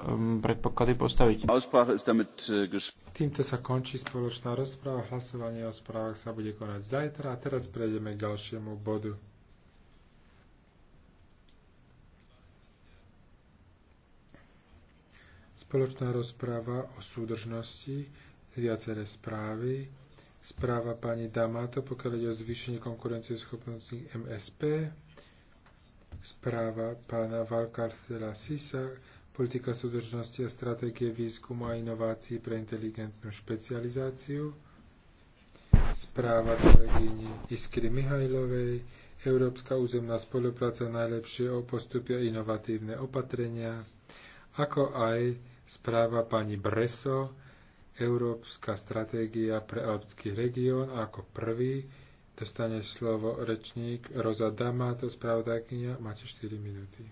Um, predpoklady postaviť. Äh, Týmto sa končí spoločná rozpráva. Hlasovanie o správach sa bude konať zajtra. A teraz prejdeme k ďalšiemu bodu. Spoločná rozpráva o súdržnosti, viaceré správy, správa pani Damato, pokiaľ ide o zvýšenie konkurencieschopnosti MSP, správa pána Valkarcela Sisa, politika súdržnosti a stratégie výskumu a inovácií pre inteligentnú špecializáciu, správa kolegyni Iskry Mihajlovej, Európska územná spolupráca najlepšie o postupia inovatívne opatrenia, ako aj správa pani Breso, Európska stratégia pre alpský región, ako prvý dostane slovo rečník Roza Damato, spravodajkynia, máte 4 minúty.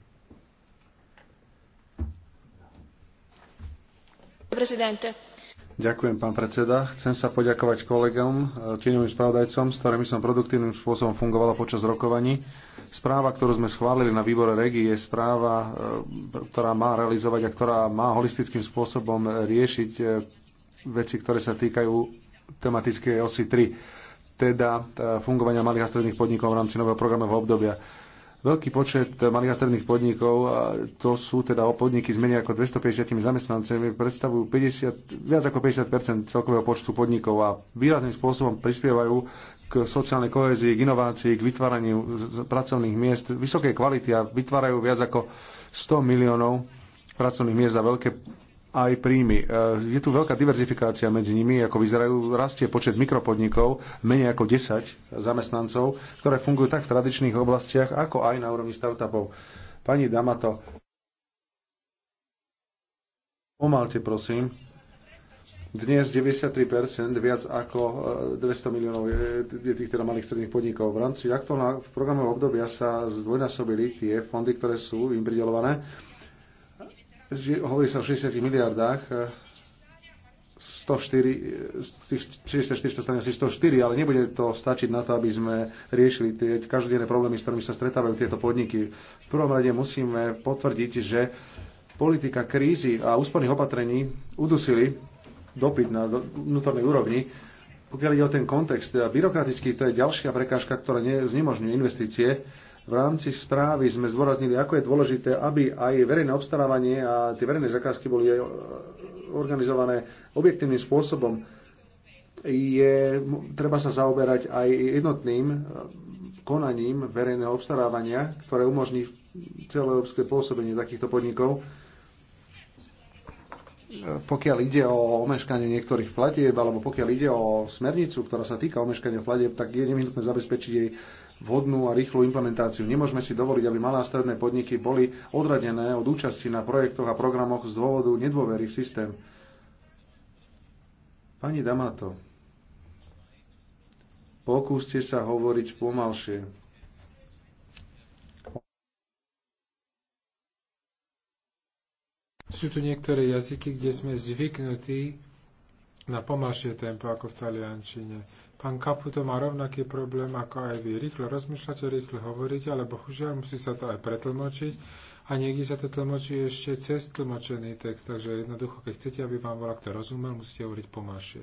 Ďakujem, pán predseda. Chcem sa poďakovať kolegom, e, tieňovým spravodajcom, s ktorými som produktívnym spôsobom fungovala počas rokovaní. Správa, ktorú sme schválili na výbore REGI, je správa, e, ktorá má realizovať a ktorá má holistickým spôsobom riešiť e, veci, ktoré sa týkajú tematickej osy 3, teda fungovania malých a stredných podnikov v rámci nového programového obdobia Veľký počet malých a stredných podnikov, a to sú teda podniky s menej ako 250 zamestnancami, predstavujú 50, viac ako 50 celkového počtu podnikov a výrazným spôsobom prispievajú k sociálnej kohézii, k inovácii, k vytváraniu pracovných miest vysokej kvality a vytvárajú viac ako 100 miliónov pracovných miest a veľké aj príjmy. E, je tu veľká diverzifikácia medzi nimi, ako vyzerajú, rastie počet mikropodnikov, menej ako 10 zamestnancov, ktoré fungujú tak v tradičných oblastiach, ako aj na úrovni startupov. Pani Damato, pomalte prosím. Dnes 93%, viac ako 200 e, miliónov je, tých teda malých stredných podnikov. V rámci aktuálneho programového obdobia sa zdvojnásobili tie fondy, ktoré sú im pridelované hovorí sa o 60 miliardách, 104, z tých 64 sa stane asi 104, ale nebude to stačiť na to, aby sme riešili tie každodenné problémy, s ktorými sa stretávajú tieto podniky. V prvom rade musíme potvrdiť, že politika krízy a úsporných opatrení udusili dopyt na vnútornej úrovni. Pokiaľ ide o ten kontext byrokratický, to je ďalšia prekážka, ktorá znemožňuje investície v rámci správy sme zdôraznili, ako je dôležité, aby aj verejné obstarávanie a tie verejné zakázky boli e, organizované objektívnym spôsobom. Je, treba sa zaoberať aj jednotným e, konaním verejného obstarávania, ktoré umožní celoeurópske pôsobenie takýchto podnikov. E, pokiaľ ide o omeškanie niektorých platieb, alebo pokiaľ ide o smernicu, ktorá sa týka omeškania platieb, tak je nevyhnutné zabezpečiť jej vhodnú a rýchlu implementáciu. Nemôžeme si dovoliť, aby malé a stredné podniky boli odradené od účasti na projektoch a programoch z dôvodu nedôvery v systém. Pani Damato, pokúste sa hovoriť pomalšie. Sú tu niektoré jazyky, kde sme zvyknutí na pomalšie tempo ako v taliančine. Pán Kaputo má rovnaký problém ako aj vy. Rýchlo rozmýšľate, rýchlo hovoríte, ale bohužiaľ musí sa to aj pretlmočiť a niekde sa to tlmočí ešte cez tlmočený text, takže jednoducho, keď chcete, aby vám volá kto rozumel, musíte hovoriť pomalšie.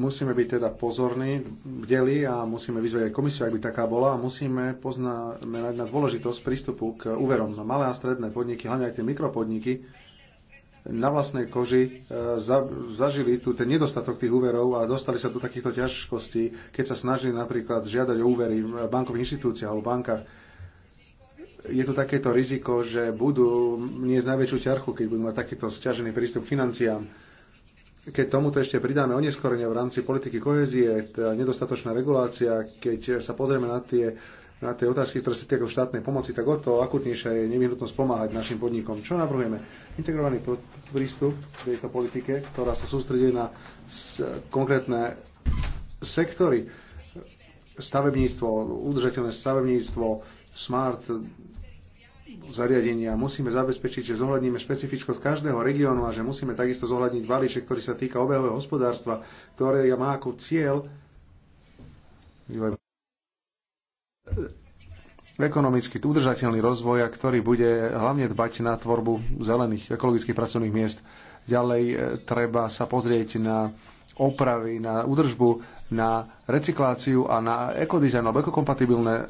Musíme byť teda pozorní, bdeli a musíme vyzvať aj komisiu, ak by taká bola a musíme poznať na dôležitosť prístupu k úverom na malé a stredné podniky, hlavne aj tie mikropodniky, na vlastnej koži e, zažili tu ten nedostatok tých úverov a dostali sa do takýchto ťažkostí, keď sa snažili napríklad žiadať o úvery v bankových inštitúciách alebo bankách. Je tu takéto riziko, že budú z najväčšiu ťarchu, keď budú mať takýto stiažený prístup k financiám. Keď tomuto ešte pridáme oneskorenia v rámci politiky kohezie, nedostatočná regulácia, keď sa pozrieme na tie na tie otázky, ktoré sa týkajú štátnej pomoci, tak o to akutnejšia je nevyhnutnosť pomáhať našim podnikom. Čo navrhujeme? Integrovaný prístup k tejto politike, ktorá sa sústredí na konkrétne sektory, stavebníctvo, udržateľné stavebníctvo, smart zariadenia. Musíme zabezpečiť, že zohľadníme špecifickosť každého regiónu a že musíme takisto zohľadniť balíček, ktorý sa týka obehového hospodárstva, ktoré má ako cieľ vývoj ekonomicky udržateľný rozvoj, a ktorý bude hlavne dbať na tvorbu zelených ekologických pracovných miest. Ďalej e, treba sa pozrieť na opravy, na údržbu, na recikláciu a na ekodizajn alebo ekokompatibilné e,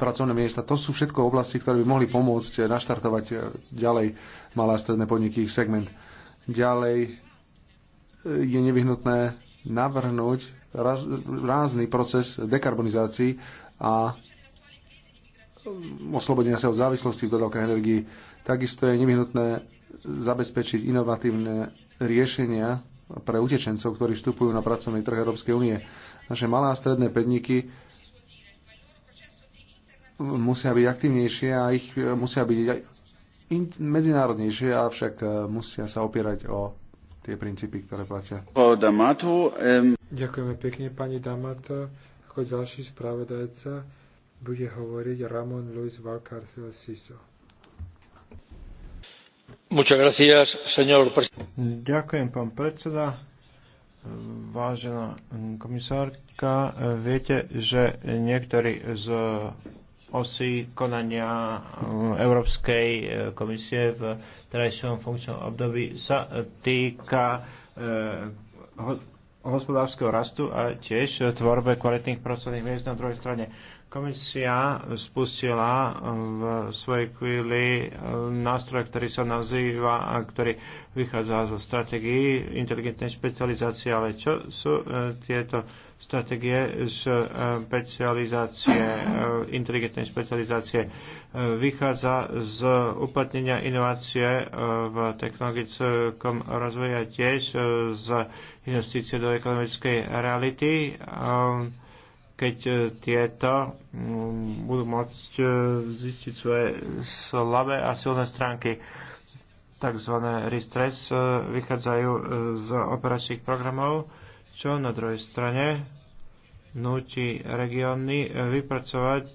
pracovné miesta. To sú všetko oblasti, ktoré by mohli pomôcť naštartovať e, ďalej malé a stredné podniky, ich segment. Ďalej je nevyhnutné navrhnúť rázny proces dekarbonizácií a oslobodenia sa od závislosti v dodávkach energii. Takisto je nevyhnutné zabezpečiť inovatívne riešenia pre utečencov, ktorí vstupujú na pracovný trh Európskej únie. Naše malé a stredné pedníky musia byť aktívnejšie a ich musia byť medzinárodnejšie, avšak eh, musia sa opierať o tie princípy, ktoré platia. Ďakujeme pekne, pani Damata, Ako ďalší spravodajca bude hovoriť Ramon Luis Valcárcel Siso. Gracias, Ďakujem, pán predseda. Vážená komisárka, viete, že niektorí z osy konania eh, Európskej eh, komisie v trajšom funkčnom období sa týka eh, hospodárskeho rastu a tiež tvorbe kvalitných pracovných miest na druhej strane. Komisia spustila eh, v svojej chvíli eh, nástroj, ktorý sa nazýva a ktorý vychádza zo stratégií inteligentnej špecializácie, ale čo sú eh, tieto stratégie špecializácie, inteligentnej špecializácie. Vychádza z uplatnenia inovácie v technologickom rozvoji a tiež z investície do ekonomickej reality keď e, tieto mm, budú môcť e, zistiť svoje slabé a silné stránky. Takzvané restress e, vychádzajú z operačných programov, čo na druhej strane núti regióny vypracovať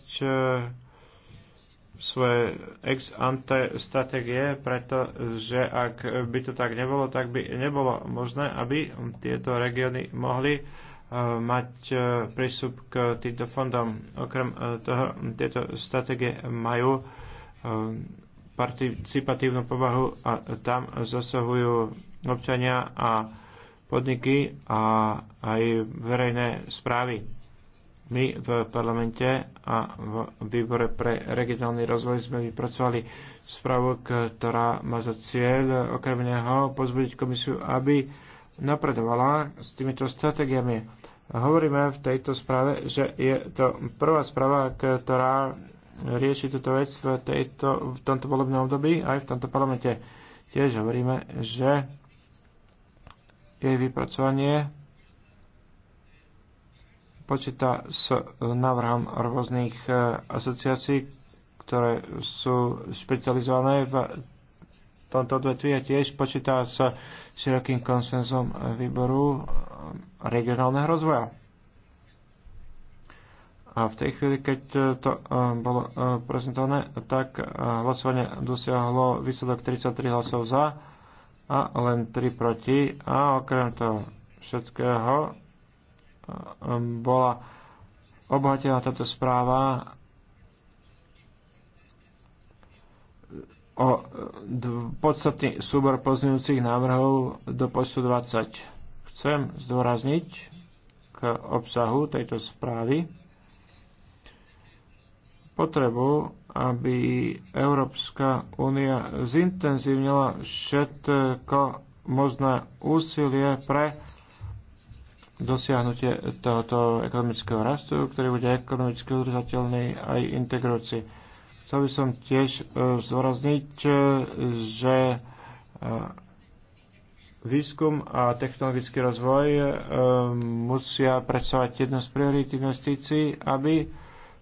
svoje ex ante stratégie, pretože ak by to tak nebolo, tak by nebolo možné, aby tieto regióny mohli Eh, mať eh, prístup k týmto fondom. Okrem eh, toho, tieto stratégie majú participatívnu povahu a tam zasahujú občania a podniky a aj verejné správy. My v parlamente a v výbore pre regionálny rozvoj sme vypracovali správu, ktorá má za cieľ okrem neho pozbudiť komisiu, aby napredovala s týmito stratégiami. Hovoríme v tejto správe, že je to prvá správa, ktorá rieši túto vec v, tejto, v tomto volebnom období aj v tomto parlamente. Tiež hovoríme, že jej vypracovanie počíta s návrhom rôznych e, asociácií, ktoré sú špecializované v tomto odvetví a tiež počíta s širokým konsenzom výboru regionálneho rozvoja. A v tej chvíli, keď to eh, bolo eh, prezentované, tak eh, hlasovanie dosiahlo výsledok 33 hlasov za a len 3 proti. A okrem toho všetkého bola obohatená táto správa o e, podstatný súbor pozdňujúcich návrhov do postu 20. Chcem zdôrazniť k obsahu tejto správy potrebu, aby Európska únia zintenzívnila všetko možné úsilie pre dosiahnutie tohoto ekonomického rastu, ktorý bude ekonomicky udržateľný aj integrácii Chcel by som tiež e, zdôrazniť, e, že e, výskum a technologický rozvoj musia predstavovať jednu z priorít investícií, aby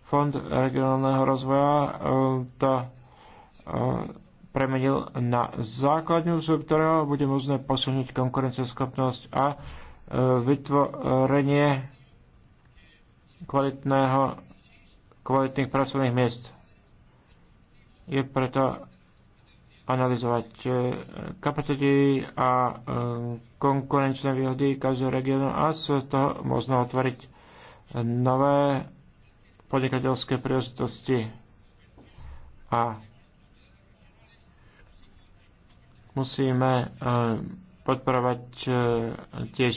Fond regionálneho rozvoja to premenil na základňu, z ktorého bude možné posunúť konkurenceschopnosť a vytvorenie kvalitného, kvalitných pracovných miest. Je preto analyzovať e, kapacity a e, konkurenčné výhody každého regiónu a z toho možno otvoriť nové podnikateľské príležitosti a musíme e, podporovať tiež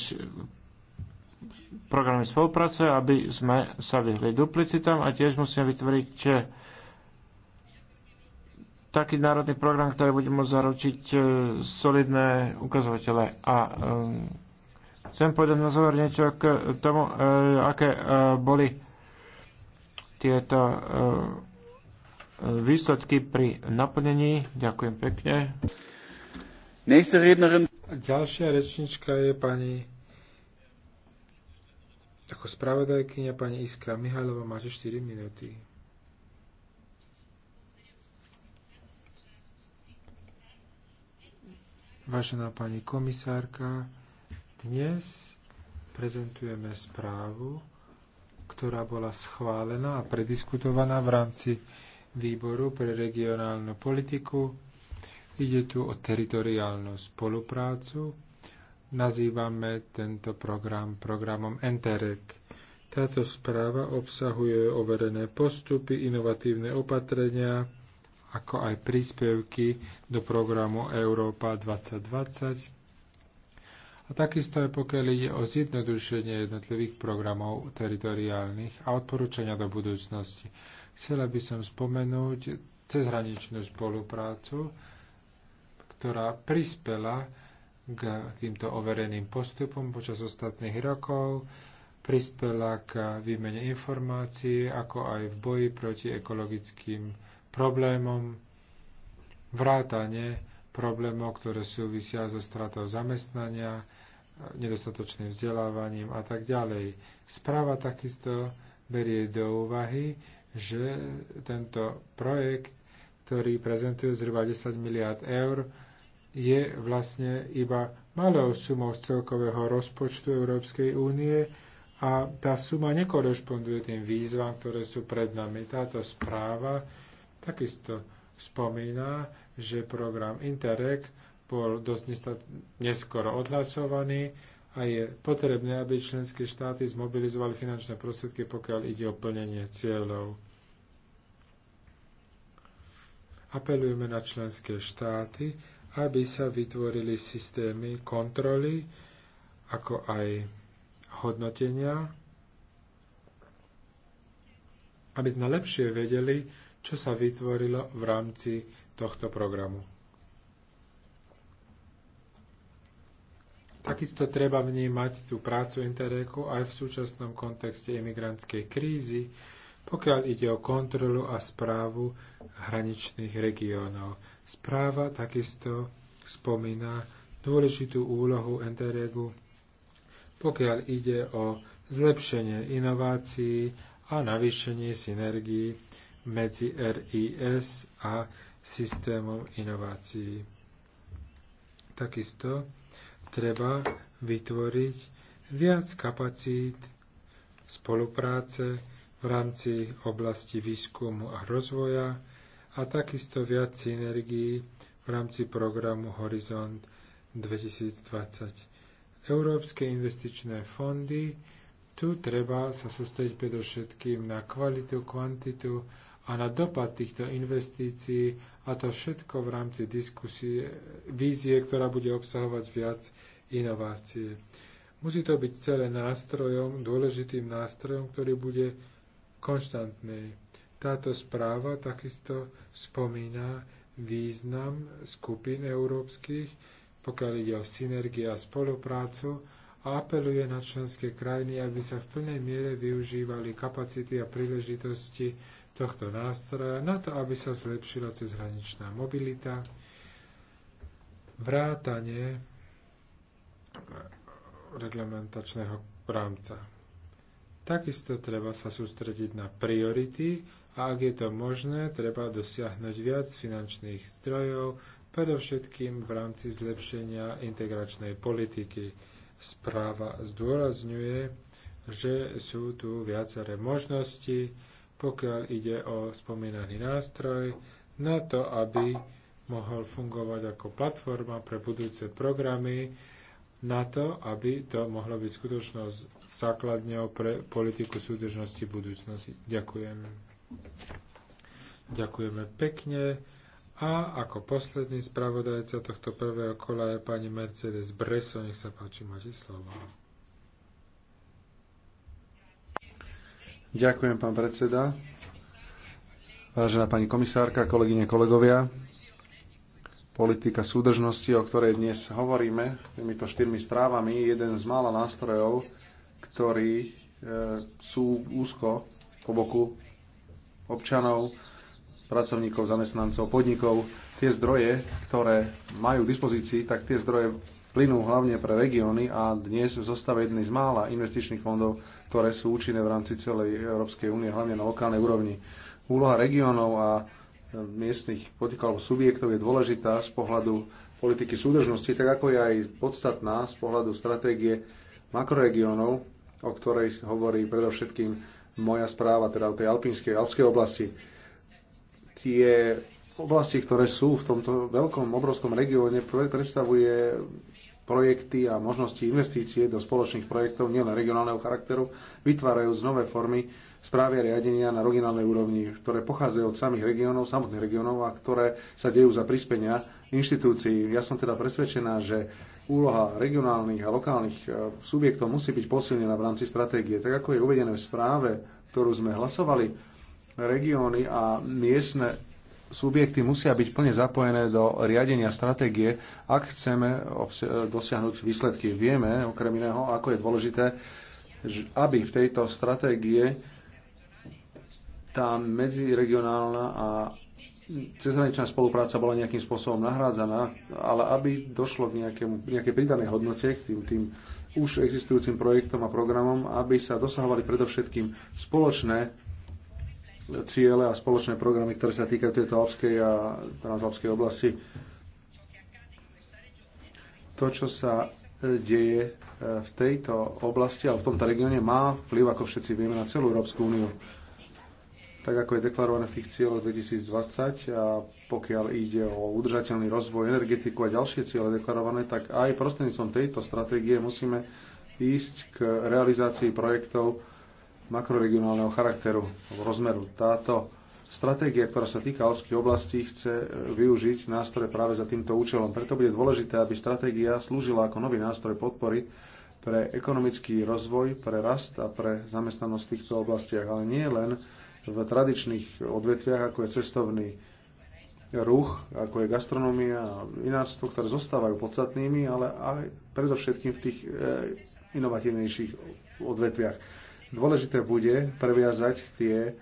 programy spolupráce, aby sme sa vyhli duplicitám a tiež musíme vytvoriť taký národný program, ktorý bude môcť zaručiť e, solidné ukazovatele. A e, chcem povedať na záver niečo k tomu, e, aké boli tieto výsledky pri naplnení. Ďakujem pekne. Ďalšia rečnička je pani ako spravodajkynia pani Iskra Mihajlova máte 4 minúty. Vážená pani komisárka, dnes prezentujeme správu, ktorá bola schválená a prediskutovaná v rámci výboru pre regionálnu politiku. Ide tu o teritoriálnu spoluprácu. Nazývame tento program programom Enterek. Táto správa obsahuje overené postupy, inovatívne opatrenia, ako aj príspevky do programu Európa 2020. A takisto aj pokiaľ ide o zjednodušenie jednotlivých programov teritoriálnych a odporúčania do budúcnosti. Chcela by som spomenúť cezhraničnú spoluprácu, ktorá prispela k týmto overeným postupom počas ostatných rokov, prispela k výmene informácií, ako aj v boji proti ekologickým problémom vrátane problémov, ktoré súvisia so stratou zamestnania, nedostatočným vzdelávaním a tak ďalej. Správa takisto berie do úvahy, že tento projekt, ktorý prezentuje zhruba 10 miliard eur, je vlastne iba malou sumou z celkového rozpočtu Európskej únie a tá suma nekorešponduje tým výzvam, ktoré sú pred nami. Táto správa takisto spomína, že program Interreg bol dosť neskoro odhlasovaný a je potrebné, aby členské štáty zmobilizovali finančné prostriedky, pokiaľ ide o plnenie cieľov. Apelujeme na členské štáty, aby sa vytvorili systémy kontroly, ako aj hodnotenia, aby sme lepšie vedeli, čo sa vytvorilo v rámci tohto programu. Takisto treba vnímať tú prácu Interreku aj v súčasnom kontexte imigrantskej krízy, pokiaľ ide o kontrolu a správu hraničných regiónov. Správa takisto spomína dôležitú úlohu Interregu, pokiaľ ide o zlepšenie inovácií a navýšenie synergií medzi RIS a systémom inovácií. Takisto treba vytvoriť viac kapacít spolupráce v rámci oblasti výskumu a rozvoja a takisto viac synergií v rámci programu Horizont 2020. Európske investičné fondy tu treba sa sústrediť predovšetkým na kvalitu, kvantitu a na dopad týchto investícií a to všetko v rámci diskusie, vízie, ktorá bude obsahovať viac inovácie. Musí to byť celé nástrojom, dôležitým nástrojom, ktorý bude konštantný. Táto správa takisto spomína význam skupín európskych, pokiaľ ide o synergie a spoluprácu, a apeluje na členské krajiny, aby sa v plnej miere využívali kapacity a príležitosti, tohto nástroja na to, aby sa zlepšila cezhraničná mobilita, vrátanie reglementačného rámca. Takisto treba sa sústrediť na priority a ak je to možné, treba dosiahnuť viac finančných zdrojov, predovšetkým v rámci zlepšenia integračnej politiky. Správa zdôrazňuje, že sú tu viaceré možnosti, pokiaľ ide o spomínaný nástroj, na to, aby mohol fungovať ako platforma pre budúce programy, na to, aby to mohlo byť skutočnosť základňou pre politiku súdržnosti budúcnosti. Ďakujem. Ďakujeme pekne. A ako posledný spravodajca tohto prvého kola je pani Mercedes Breso. Nech sa páči, máte slovo. Ďakujem, pán predseda. Vážená pani komisárka, kolegyne, kolegovia, politika súdržnosti, o ktorej dnes hovoríme, s týmito štyrmi správami, je jeden z mála nástrojov, ktorí e, sú úzko po boku občanov, pracovníkov, zamestnancov, podnikov. Tie zdroje, ktoré majú k dispozícii, tak tie zdroje plynú hlavne pre regióny a dnes zostáva jedný z mála investičných fondov, ktoré sú účinné v rámci celej Európskej únie, hlavne na lokálnej úrovni. Úloha regiónov a e, miestnych podnikov subjektov je dôležitá z pohľadu politiky súdržnosti, tak ako je aj podstatná z pohľadu stratégie makroregiónov, o ktorej hovorí predovšetkým moja správa, teda o tej alpínskej, alpskej oblasti. Tie oblasti, ktoré sú v tomto veľkom, obrovskom regióne, predstavuje projekty a možnosti investície do spoločných projektov nielen regionálneho charakteru, vytvárajú nové formy správy a riadenia na regionálnej úrovni, ktoré pochádzajú od samých regiónov, samotných regiónov a ktoré sa dejú za prispenia inštitúcií. Ja som teda presvedčená, že úloha regionálnych a lokálnych e, subjektov musí byť posilnená v rámci stratégie. Tak ako je uvedené v správe, ktorú sme hlasovali, regióny a miestne subjekty musia byť plne zapojené do riadenia stratégie, ak chceme dosiahnuť výsledky. Vieme, okrem iného, ako je dôležité, aby v tejto stratégie tá medziregionálna a cezhraničná spolupráca bola nejakým spôsobom nahrádzaná, ale aby došlo k nejakému, nejakej pridanej hodnote, k tým, tým už existujúcim projektom a programom, aby sa dosahovali predovšetkým spoločné ciele a spoločné programy, ktoré sa týkajú tejto alpskej a transalpskej oblasti. To, čo sa e, deje e, v tejto oblasti alebo v tomto regióne, má vplyv, ako všetci vieme, na celú Európsku úniu. Tak ako je deklarované v tých cieľoch 2020 a pokiaľ ide o udržateľný rozvoj, energetiku a ďalšie ciele deklarované, tak aj prostredníctvom tejto stratégie musíme ísť k realizácii projektov, makroregionálneho charakteru alebo rozmeru. Táto stratégia, ktorá sa týka alpských oblastí, chce e, využiť nástroje práve za týmto účelom. Preto bude dôležité, aby stratégia slúžila ako nový nástroj podpory pre ekonomický rozvoj, pre rast a pre zamestnanosť v týchto oblastiach, ale nie len v tradičných odvetviach, ako je cestovný ruch, ako je gastronomia a vinárstvo, ktoré zostávajú podstatnými, ale aj predovšetkým v tých e, inovatívnejších odvetviach Dôležité bude previazať tie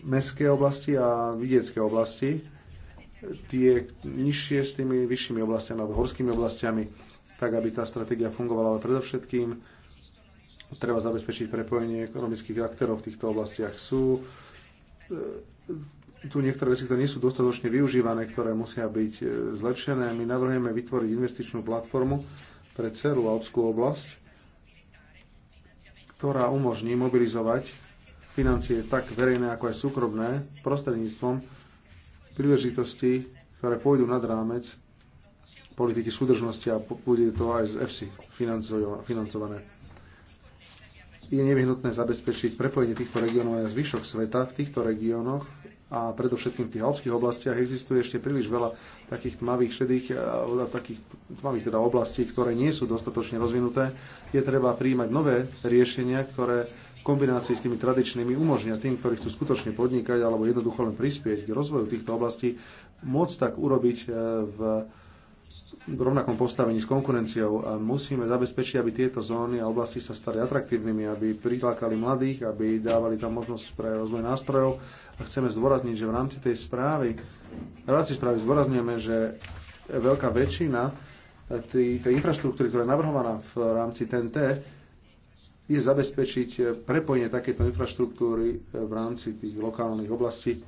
mestské oblasti a vidiecké oblasti, tie nižšie s tými vyššími oblastiami alebo horskými oblastiami, tak aby tá stratégia fungovala, ale predovšetkým treba zabezpečiť prepojenie ekonomických aktérov v týchto oblastiach. Sú e, tu niektoré veci, ktoré nie sú dostatočne využívané, ktoré musia byť e, zlepšené. My navrhujeme vytvoriť investičnú platformu pre celú Alpskú oblasť, ktorá umožní mobilizovať financie tak verejné ako aj súkromné prostredníctvom príležitosti, ktoré pôjdu nad rámec politiky súdržnosti a bude to aj z EFSI financované. Je nevyhnutné zabezpečiť prepojenie týchto regiónov aj zvyšok sveta v týchto regiónoch a predovšetkým v tých alpských oblastiach existuje ešte príliš veľa takých tmavých, šedých, e, takých tmavých teda oblastí, ktoré nie sú dostatočne rozvinuté. Je treba príjmať nové riešenia, ktoré v kombinácii s tými tradičnými umožnia tým, ktorí chcú skutočne podnikať alebo jednoducho len prispieť k rozvoju týchto oblastí, môcť tak urobiť v e, v rovnakom postavení s konkurenciou a musíme zabezpečiť, aby tieto zóny a oblasti sa stali atraktívnymi, aby prilákali mladých, aby dávali tam možnosť pre rozvoj nástrojov a chceme zdôrazniť, že v rámci tej správy, v rámci správy zdôrazňujeme, že veľká väčšina tej, tej infraštruktúry, ktorá je navrhovaná v rámci TNT, je zabezpečiť prepojenie takéto infraštruktúry v rámci tých lokálnych oblastí.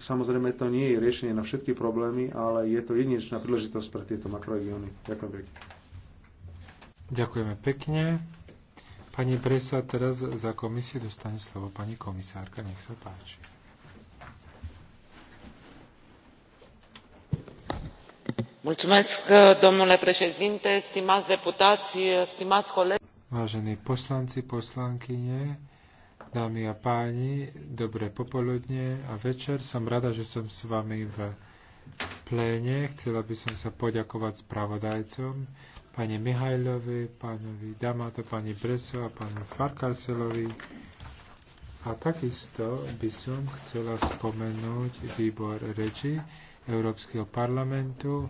Samozrejme, to nie je riešenie na všetky problémy, ale je to jedinečná príležitosť pre tieto makroregióny. Ďakujem pekne. Ďakujeme pekne. Pani Presa, teraz za komisiu dostane slovo pani komisárka, nech sa páči. Mulțumesc, domnule președinte, stimați deputați, stimați colegi. Vážení poslanci, poslankyne, dámy a páni, dobré popoludne a večer. Som rada, že som s vami v pléne. Chcela by som sa poďakovať spravodajcom pani Mihajlovi, pánovi Damato, pani Breso a pánu Farkarselovi. A takisto by som chcela spomenúť výbor reči Európskeho parlamentu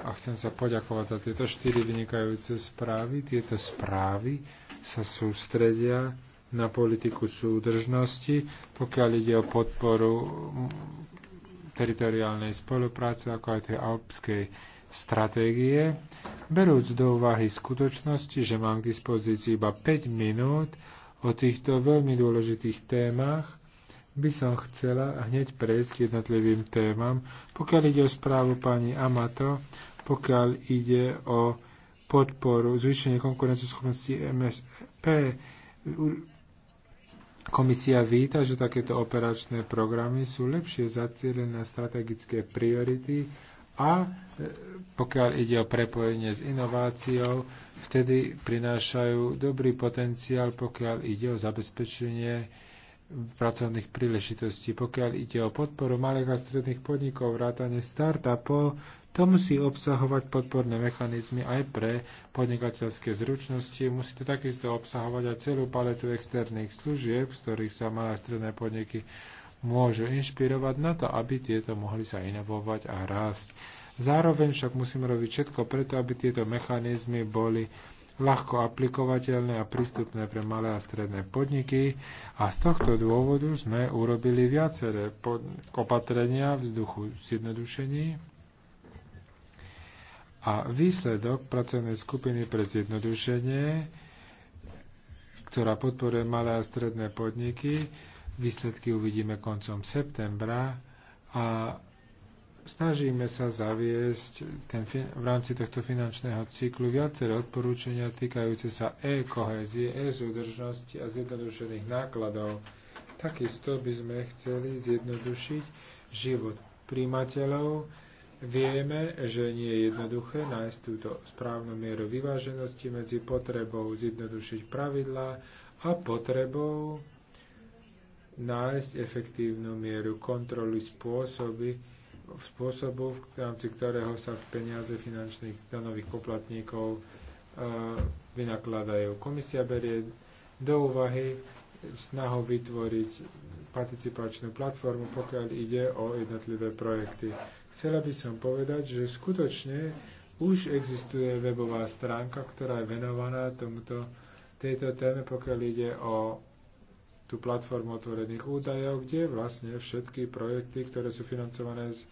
a chcem sa poďakovať za tieto štyri vynikajúce správy. Tieto správy sa sústredia na politiku súdržnosti, pokiaľ ide o podporu teritoriálnej spolupráce, ako aj tej alpskej stratégie, berúc do úvahy skutočnosti, že mám k dispozícii iba 5 minút o týchto veľmi dôležitých témach, by som chcela hneď prejsť k jednotlivým témam, pokiaľ ide o správu pani Amato, pokiaľ ide o podporu, zvýšenie konkurenceschopnosti MSP. Komisia víta, že takéto operačné programy sú lepšie zacielené na strategické priority, a e, pokiaľ ide o prepojenie s inováciou, vtedy prinášajú dobrý potenciál, pokiaľ ide o zabezpečenie pracovných príležitostí. Pokiaľ ide o podporu malých a stredných podnikov, vrátane startupov, to musí obsahovať podporné mechanizmy aj pre podnikateľské zručnosti. Musí to takisto obsahovať aj celú paletu externých služieb, z ktorých sa malé a stredné podniky môžu inšpirovať na to, aby tieto mohli sa inovovať a rásť. Zároveň však musíme robiť všetko preto, aby tieto mechanizmy boli ľahko aplikovateľné a prístupné pre malé a stredné podniky a z tohto dôvodu sme urobili viaceré opatrenia v vzduchu zjednodušení a výsledok pracovnej skupiny pre zjednodušenie, ktorá podporuje malé a stredné podniky, Výsledky uvidíme koncom septembra a snažíme sa zaviesť ten, v rámci tohto finančného cyklu viaceré odporúčania týkajúce sa e-kohezie, e-súdržnosti a zjednodušených nákladov. Takisto by sme chceli zjednodušiť život príjimateľov. Vieme, že nie je jednoduché nájsť túto správnu mieru vyváženosti medzi potrebou zjednodušiť pravidlá a potrebou nájsť efektívnu mieru kontroly spôsoby, spôsobu, v rámci ktorého sa peniaze finančných danových poplatníkov e, vynakladajú. Komisia berie do úvahy snahu vytvoriť participačnú platformu, pokiaľ ide o jednotlivé projekty. Chcela by som povedať, že skutočne už existuje webová stránka, ktorá je venovaná tomuto, tejto téme, pokiaľ ide o tú platformu otvorených údajov, kde vlastne všetky projekty, ktoré sú financované z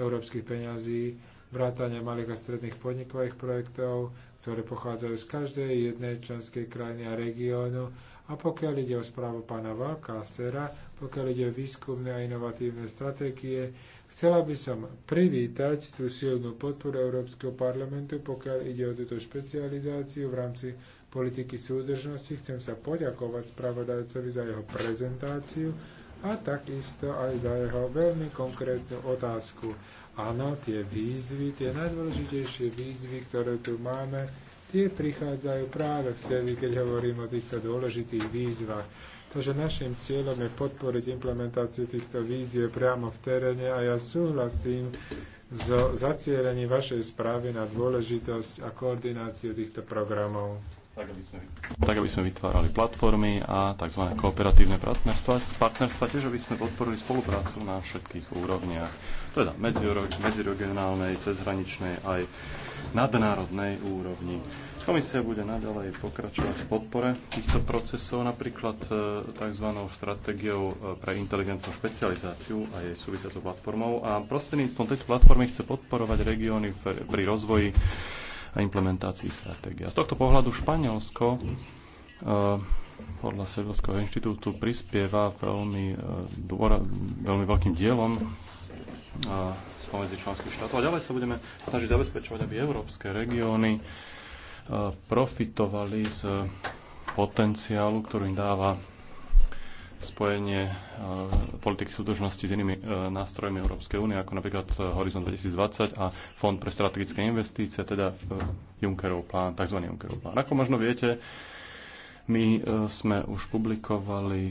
európskych peňazí, vrátania malých a stredných podnikových projektov, ktoré pochádzajú z každej jednej členskej krajiny a regiónu. A pokiaľ ide o správu pána Valka Sera, pokiaľ ide o výskumné a inovatívne stratégie, chcela by som privítať tú silnú podporu Európskeho parlamentu, pokiaľ ide o túto špecializáciu v rámci politiky súdržnosti. Chcem sa poďakovať spravodajcovi za jeho prezentáciu a takisto aj za jeho veľmi konkrétnu otázku. Áno, tie výzvy, tie najdôležitejšie výzvy, ktoré tu máme, tie prichádzajú práve vtedy, keď hovorím o týchto dôležitých výzvach. Takže našim cieľom je podporiť implementáciu týchto vízie priamo v teréne a ja súhlasím so zacielením vašej správy na dôležitosť a koordináciu týchto programov tak aby, sme, tak, aby sme vytvárali platformy a tzv. kooperatívne partnerstva, partnerstva tiež aby sme podporili spoluprácu na všetkých úrovniach, teda medziregionálnej, cezhraničnej aj nadnárodnej úrovni. Komisia bude naďalej pokračovať v podpore týchto procesov, napríklad e, tzv. stratégiou e, pre inteligentnú špecializáciu a jej súvisiacou platformou. A prostredníctvom tejto platformy chce podporovať regióny pri rozvoji a implementácii stratégie. A z tohto pohľadu Španielsko e, podľa Sedovského inštitútu prispieva veľmi, e, dôra, veľmi veľkým dielom e, spomedzi členských štátov. A ďalej sa budeme snažiť zabezpečovať, aby európske regióny profitovali z potenciálu, ktorý im dáva spojenie e, politiky súdržnosti s inými e, nástrojmi Európskej únie, ako napríklad e, Horizon 2020 a Fond pre strategické investície, teda Junckerov plán, tzv. Junckerov plán. Ako možno viete, my sme už publikovali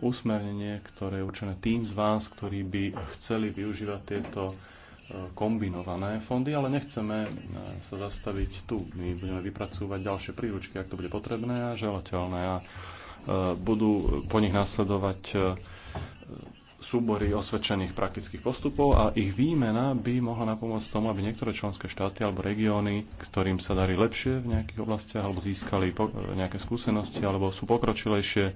usmernenie, ktoré je určené tým z vás, ktorí by chceli využívať tieto kombinované fondy, ale nechceme sa zastaviť tu. My budeme vypracúvať ďalšie príručky, ak to bude potrebné a želateľné. A E, budú po nich nasledovať e, súbory osvedčených praktických postupov a ich výmena by mohla napomôcť tomu, aby niektoré členské štáty alebo regióny, ktorým sa darí lepšie v nejakých oblastiach alebo získali nejaké skúsenosti alebo sú pokročilejšie,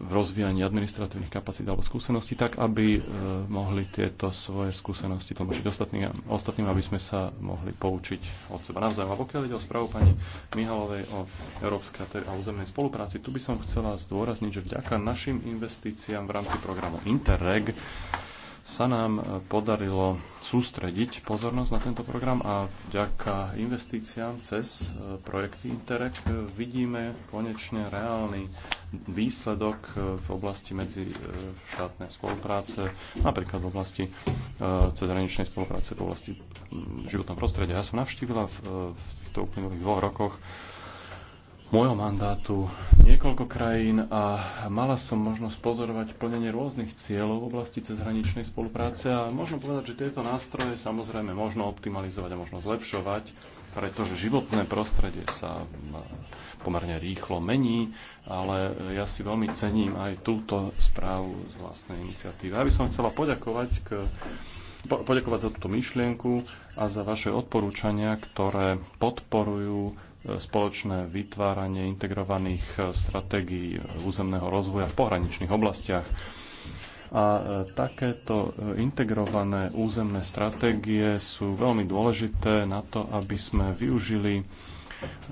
v rozvíjaní administratívnych kapacít alebo skúseností, tak aby e, mohli tieto svoje skúsenosti tlmočiť ostatným, ostatným, aby sme sa mohli poučiť od seba navzájom. A pokiaľ ide o správu pani Mihalovej o európskej a územnej spolupráci, tu by som chcela zdôrazniť, že vďaka našim investíciám v rámci programu Interreg sa nám e, podarilo sústrediť pozornosť na tento program a vďaka investíciám cez e, projekty Interreg e, vidíme konečne reálny výsledok v oblasti medzi štátnej spolupráce, napríklad v oblasti cezhraničnej spolupráce v oblasti životného prostredia. Ja som navštívila v, v týchto uplynulých dvoch rokoch môjho mandátu niekoľko krajín a mala som možnosť pozorovať plnenie rôznych cieľov v oblasti cezhraničnej spolupráce a možno povedať, že tieto nástroje samozrejme možno optimalizovať a možno zlepšovať, pretože životné prostredie sa pomerne rýchlo mení, ale ja si veľmi cením aj túto správu z vlastnej iniciatívy. Ja by som chcela poďakovať k poďakovať za túto myšlienku a za vaše odporúčania, ktoré podporujú spoločné vytváranie integrovaných eh, stratégií eh, územného rozvoja v pohraničných oblastiach. A eh, takéto integrované územné stratégie sú veľmi dôležité na to, aby sme využili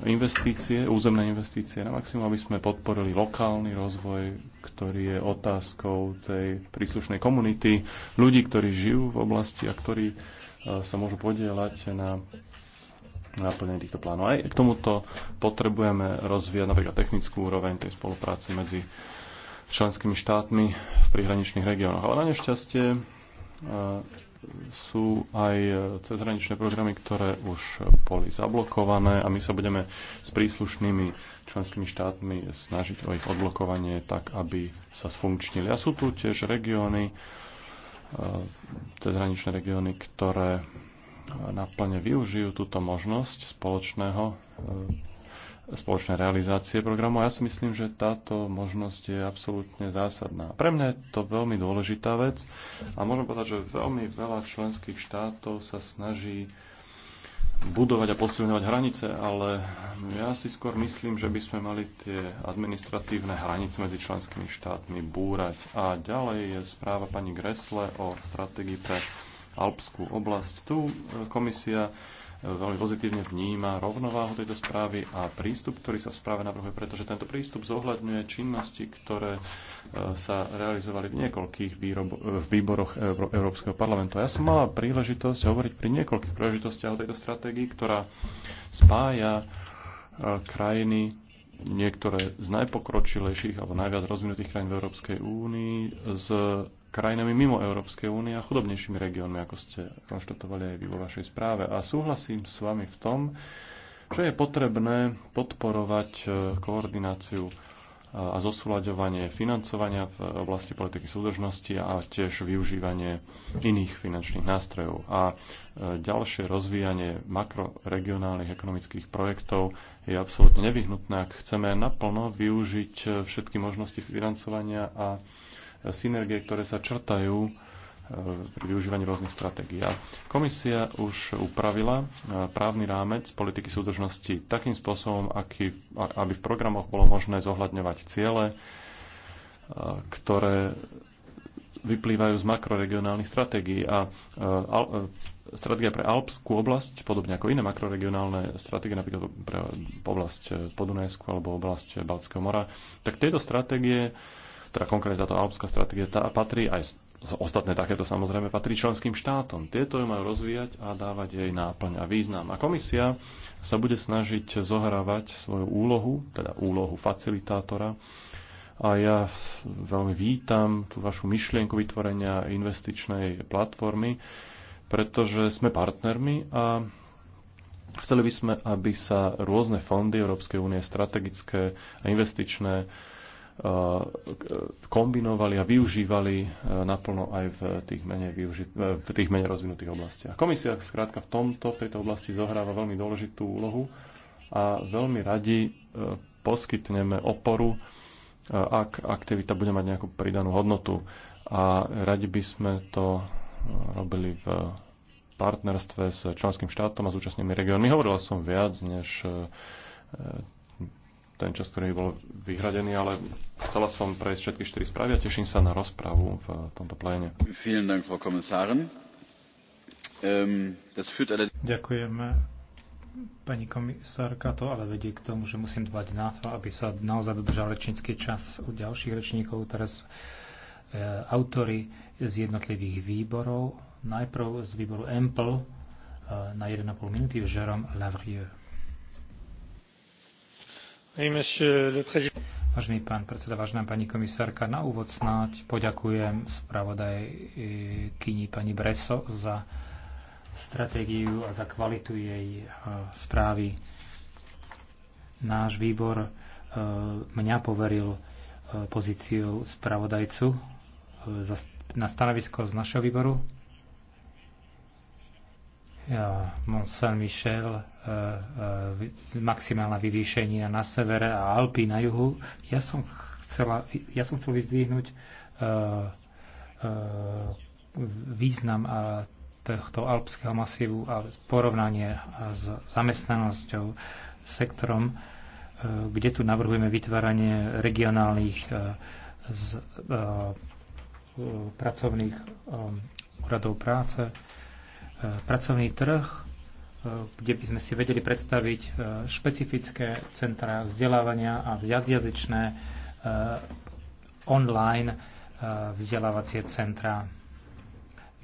investície, územné investície na maximum, aby sme podporili lokálny rozvoj, ktorý je otázkou tej príslušnej komunity, ľudí, ktorí žijú v oblasti a ktorí sa môžu podielať na naplnenie týchto plánov. Aj k tomuto potrebujeme rozvíjať napríklad technickú úroveň tej spolupráce medzi členskými štátmi v prihraničných regiónoch. Ale na nešťastie e, sú aj e, cezhraničné programy, ktoré už boli zablokované a my sa budeme s príslušnými členskými štátmi snažiť o ich odblokovanie tak, aby sa sfunkčnili. A sú tu tiež regióny, e, cezhraničné regióny, ktoré naplne využijú túto možnosť spoločného, e, spoločnej realizácie programu. ja si myslím, že táto možnosť je absolútne zásadná. Pre mňa je to veľmi dôležitá vec a môžem povedať, že veľmi veľa členských štátov sa snaží budovať a posilňovať hranice, ale ja si skôr myslím, že by sme mali tie administratívne hranice medzi členskými štátmi búrať. A ďalej je správa pani Gresle o stratégii pre alpskú oblasť. Tu e, komisia e, veľmi pozitívne vníma rovnováhu tejto správy a prístup, ktorý sa v správe navrhuje, pretože tento prístup zohľadňuje činnosti, ktoré e, sa realizovali v niekoľkých v výboroch Euró- Európskeho parlamentu. Ja som mala príležitosť hovoriť pri niekoľkých príležitostiach o tejto stratégii, ktorá spája krajiny niektoré z najpokročilejších alebo najviac rozvinutých krajín v Európskej únii s krajinami mimo Európskej únie a chudobnejšími regiónmi, ako ste konštatovali aj vy vo vašej správe. A súhlasím s vami v tom, že je potrebné podporovať e, koordináciu e, a zosúľaďovanie financovania v oblasti politiky súdržnosti a tiež využívanie iných finančných nástrojov. A e, ďalšie rozvíjanie makroregionálnych ekonomických projektov je absolútne nevyhnutné, ak chceme naplno využiť všetky možnosti financovania a synergie, ktoré sa črtajú e, pri využívaní rôznych stratégií. A komisia už upravila e, právny rámec politiky súdržnosti takým spôsobom, aký, aby v programoch bolo možné zohľadňovať ciele, e, ktoré vyplývajú z makroregionálnych stratégií. A stratégia pre Alpskú oblasť, podobne ako iné makroregionálne stratégie, napríklad pre oblasť Podunajsku alebo oblasť Baltského mora, tak tieto stratégie teda konkrétne táto alpská stratégia tá patrí aj ostatné takéto samozrejme patrí členským štátom. Tieto ju majú rozvíjať a dávať jej náplň a význam. A komisia sa bude snažiť zohrávať svoju úlohu, teda úlohu facilitátora. A ja veľmi vítam tú vašu myšlienku vytvorenia investičnej platformy, pretože sme partnermi a chceli by sme, aby sa rôzne fondy Európskej únie, strategické a investičné, Eh, kombinovali a využívali eh, naplno aj v tých menej, využi- v tých menej rozvinutých oblastiach. Komisia skrátka v tomto, v tejto oblasti zohráva veľmi dôležitú úlohu a veľmi radi eh, poskytneme oporu, ak aktivita bude mať nejakú pridanú hodnotu. A radi by sme to robili v partnerstve s členským štátom a s regiónmi. Hovorila som viac než ten čas, ktorý bol vyhradený, ale chcela som prejsť všetky štyri správy a teším sa na rozpravu v tomto pléne. Ähm, Ďakujeme. Pani komisárka, to ale vedie k tomu, že musím dbať na to, aby sa naozaj dodržal rečnícky čas u ďalších rečníkov. Teraz e, autory z jednotlivých výborov. Najprv z výboru EMPL e, na 1,5 minúty žerom Lavrieux. Vážený pán predseda, vážená pani komisárka, na úvod snáď poďakujem spravodajkyni pani Breso za stratégiu a za kvalitu jej e, správy. Náš výbor e, mňa poveril e, pozíciou spravodajcu na stanovisko z našeho výboru Mont Saint-Michel, eh, eh, maximálna vyvýšenia na severe a Alpy na juhu. Ja som, chcela, ja som chcel vyzdvihnúť eh, význam tohto alpského masívu a porovnanie s zamestnanosťou, sektorom, kde tu navrhujeme vytváranie regionálnych z, pracovných úradov práce E, pracovný trh, e, kde by sme si vedeli predstaviť e, špecifické centra vzdelávania a viacjazyčné online vzdelávacie centra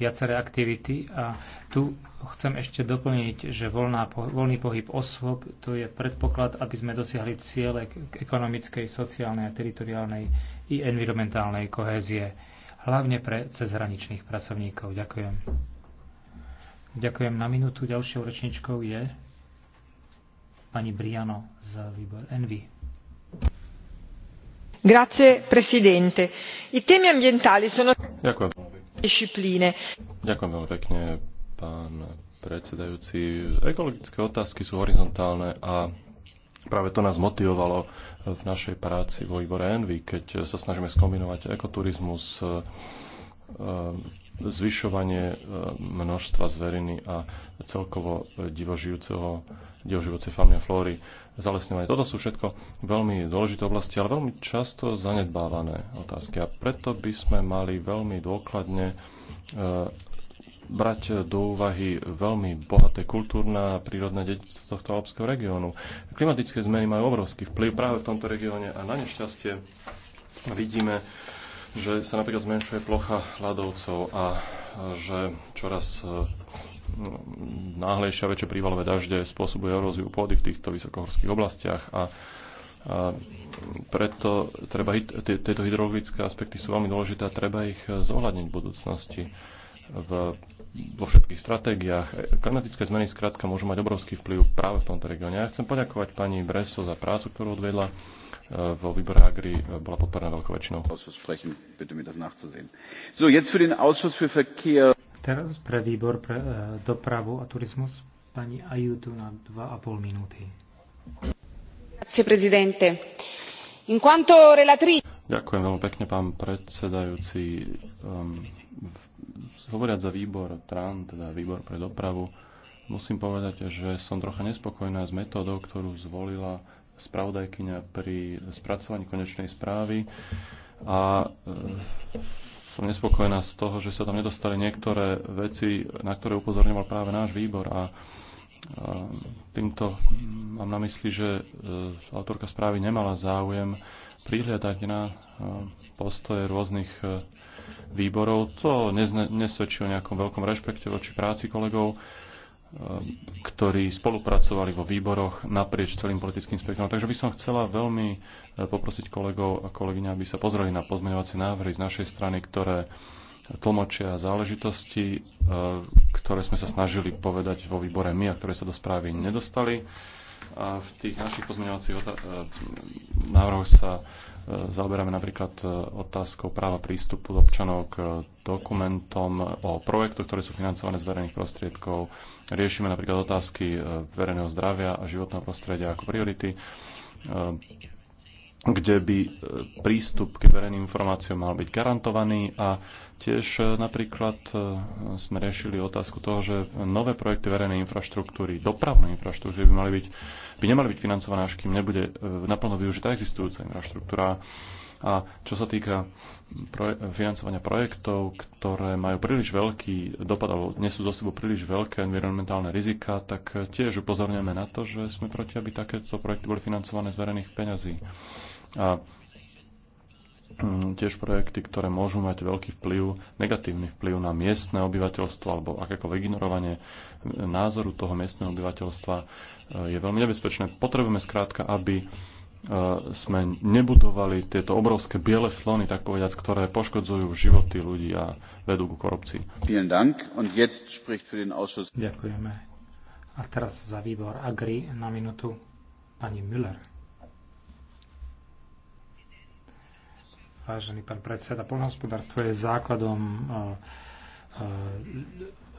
viaceré aktivity a tu chcem ešte doplniť, že voľná, voľný pohyb osôb to je predpoklad, aby sme dosiahli ciele k ekonomickej, sociálnej a teritoriálnej i environmentálnej kohézie, hlavne pre cezhraničných pracovníkov. Ďakujem. Ďakujem na minútu. Ďalšou rečničkou je pani Briano za výbor Envy. Grazie, presidente. I temi ambientali sono... Ďakujem. Disciplíne. Ďakujem veľmi pekne, pán predsedajúci. Ekologické otázky sú horizontálne a práve to nás motivovalo v našej práci vo výbore Envy, keď sa snažíme skombinovať ekoturizmus, eh, zvyšovanie e, množstva zveriny a celkovo e, divožijúceho, divoživúcej fauny a flóry, zalesňovanie. Toto sú všetko veľmi dôležité oblasti, ale veľmi často zanedbávané otázky. A preto by sme mali veľmi dôkladne e, brať do úvahy veľmi bohaté kultúrne a prírodné dedictvo tohto alpského regiónu. Klimatické zmeny majú obrovský vplyv práve v tomto regióne a na nešťastie vidíme že sa napríklad zmenšuje plocha ľadovcov a že čoraz e, náhlejšia väčšie prívalové dažde spôsobuje eróziu pôdy v týchto vysokohorských oblastiach a a preto treba, tieto hydrologické aspekty sú veľmi dôležité a treba ich zohľadniť v budúcnosti v, vo všetkých stratégiách. E, klimatické zmeny zkrátka môžu mať obrovský vplyv práve v tomto regióne. Ja chcem poďakovať pani Breso za prácu, ktorú odvedla vo výbore Agri e, bola podporená veľkou väčšinou. Teraz pre výbor pre e, dopravu a turizmus pani Ajutu na 2,5 minúty. Ďakujem veľmi pekne, pán predsedajúci. Um, hovoriac za výbor TRAN, teda výbor pre dopravu, musím povedať, že som trocha nespokojná s metódou, ktorú zvolila spravodajkyňa pri spracovaní konečnej správy a e, som nespokojná z toho, že sa tam nedostali niektoré veci, na ktoré upozorňoval práve náš výbor a e, týmto mám na mysli, že e, autorka správy nemala záujem prihliadať na postoje rôznych výborov. To nesvedčí o nejakom veľkom rešpekte voči práci kolegov Eh, ktorí spolupracovali vo výboroch naprieč celým politickým spektrom. Takže by som chcela veľmi eh, poprosiť kolegov a kolegyňa, aby sa pozreli na pozmeňovacie návrhy z našej strany, ktoré tlmočia záležitosti, eh, ktoré sme sa snažili povedať vo výbore my a ktoré sa do správy nedostali. A v tých našich pozmeňovacích návrhoch sa E, zaoberáme napríklad e, otázkou práva prístupu občanov k e, dokumentom o projektoch, ktoré sú financované z verejných prostriedkov. Riešime napríklad otázky verejného zdravia a životného prostredia ako priority kde by prístup k verejným informáciám mal byť garantovaný a Tiež e, napríklad e, sme riešili otázku toho, že nové projekty verejnej infraštruktúry, dopravnej infraštruktúry by, mali byť, by nemali byť financované, až kým nebude e, naplno využitá existujúca infraštruktúra. A čo sa týka proje- financovania projektov, ktoré majú príliš veľký dopad alebo nesú zo sebou príliš veľké environmentálne rizika, tak tiež upozorňujeme na to, že sme proti, aby takéto projekty boli financované z verejných peňazí. A Mm, tiež projekty, ktoré môžu mať veľký vplyv, negatívny vplyv na miestne obyvateľstvo alebo akékoľvek ignorovanie názoru toho miestneho obyvateľstva e, je veľmi nebezpečné. Potrebujeme skrátka, aby e, sme nebudovali tieto obrovské biele slony, tak povedať, ktoré poškodzujú životy ľudí a vedú ku korupcii. Ďakujeme. A teraz za výbor Agri na minútu pani Müller. Vážený pán predseda, poľnohospodárstvo je základom e, e,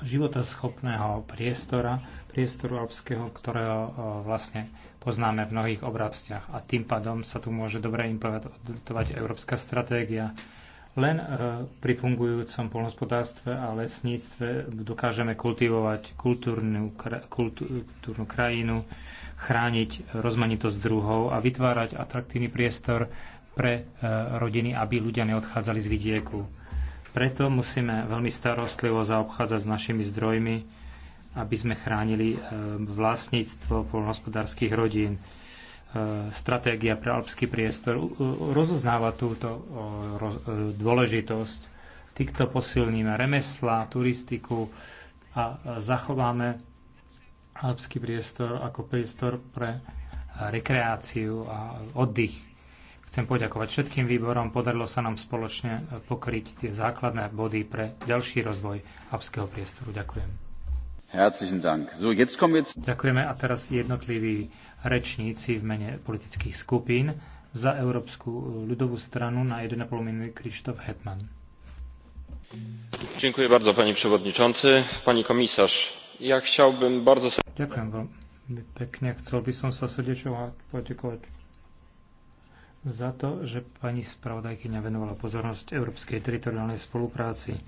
životoschopného priestora, priestoru alpského, ktorého e, vlastne poznáme v mnohých oblastiach a tým pádom sa tu môže dobre implementovať európska stratégia. Len pri fungujúcom poľnohospodárstve a lesníctve dokážeme kultivovať kultúrnu, kultúrnu krajinu, chrániť rozmanitosť druhov a vytvárať atraktívny priestor pre e, rodiny, aby ľudia neodchádzali z vidieku. Preto musíme veľmi starostlivo zaobchádzať s našimi zdrojmi, aby sme chránili e, vlastníctvo polnohospodárských rodín. E, stratégia pre alpský priestor rozoznáva túto dôležitosť. Týchto posilníme remesla, turistiku a zachováme alpský priestor ako priestor pre rekreáciu a oddych Chcem poďakovať všetkým výborom. Podarilo sa nám spoločne e, pokryť tie základné body pre ďalší rozvoj habského priestoru. Ďakujem. Herzlichen Dank. So, jetzt kommen jetzt... Ďakujeme a teraz jednotliví rečníci v mene politických skupín za Európsku e, ľudovú stranu na 1,5 minúty Krištof Hetman. Dziękuję bardzo panie przewodniczący, pani komisarz. Ja chciałbym bardzo Ďakujem veľmi pekne. Chcel by som sa srdečne poďakovať za to, že pani spravodajkyňa venovala pozornosť európskej teritoriálnej spolupráci.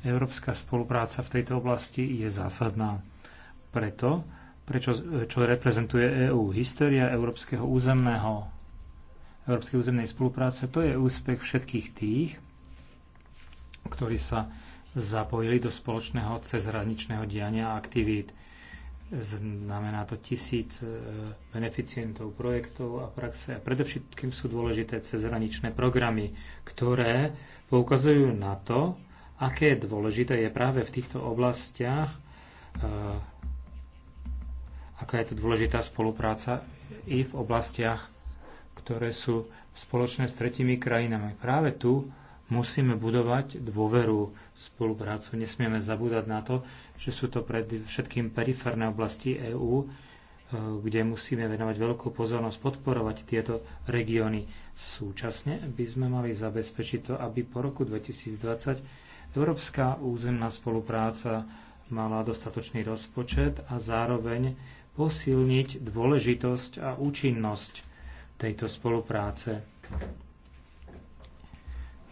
Európska spolupráca v tejto oblasti je zásadná. Preto, prečo, čo reprezentuje EÚ, história európskeho územného, európskej územnej spolupráce, to je úspech všetkých tých, ktorí sa zapojili do spoločného cezhraničného diania a aktivít – Znamená to tisíc e, beneficientov projektov a praxe a predovšetkým sú dôležité cezhraničné programy, ktoré poukazujú na to, aké dôležité je práve v týchto oblastiach, e, aká je to dôležitá spolupráca i v oblastiach, ktoré sú spoločné s tretimi krajinami. Práve tu musíme budovať dôveru spoluprácu. Nesmieme zabúdať na to, že sú to pred všetkým periférne oblasti EÚ, eh, kde musíme venovať veľkú pozornosť podporovať tieto regióny. Súčasne by sme mali zabezpečiť to, aby po roku 2020 Európska územná spolupráca mala dostatočný rozpočet a zároveň posilniť dôležitosť a účinnosť tejto spolupráce.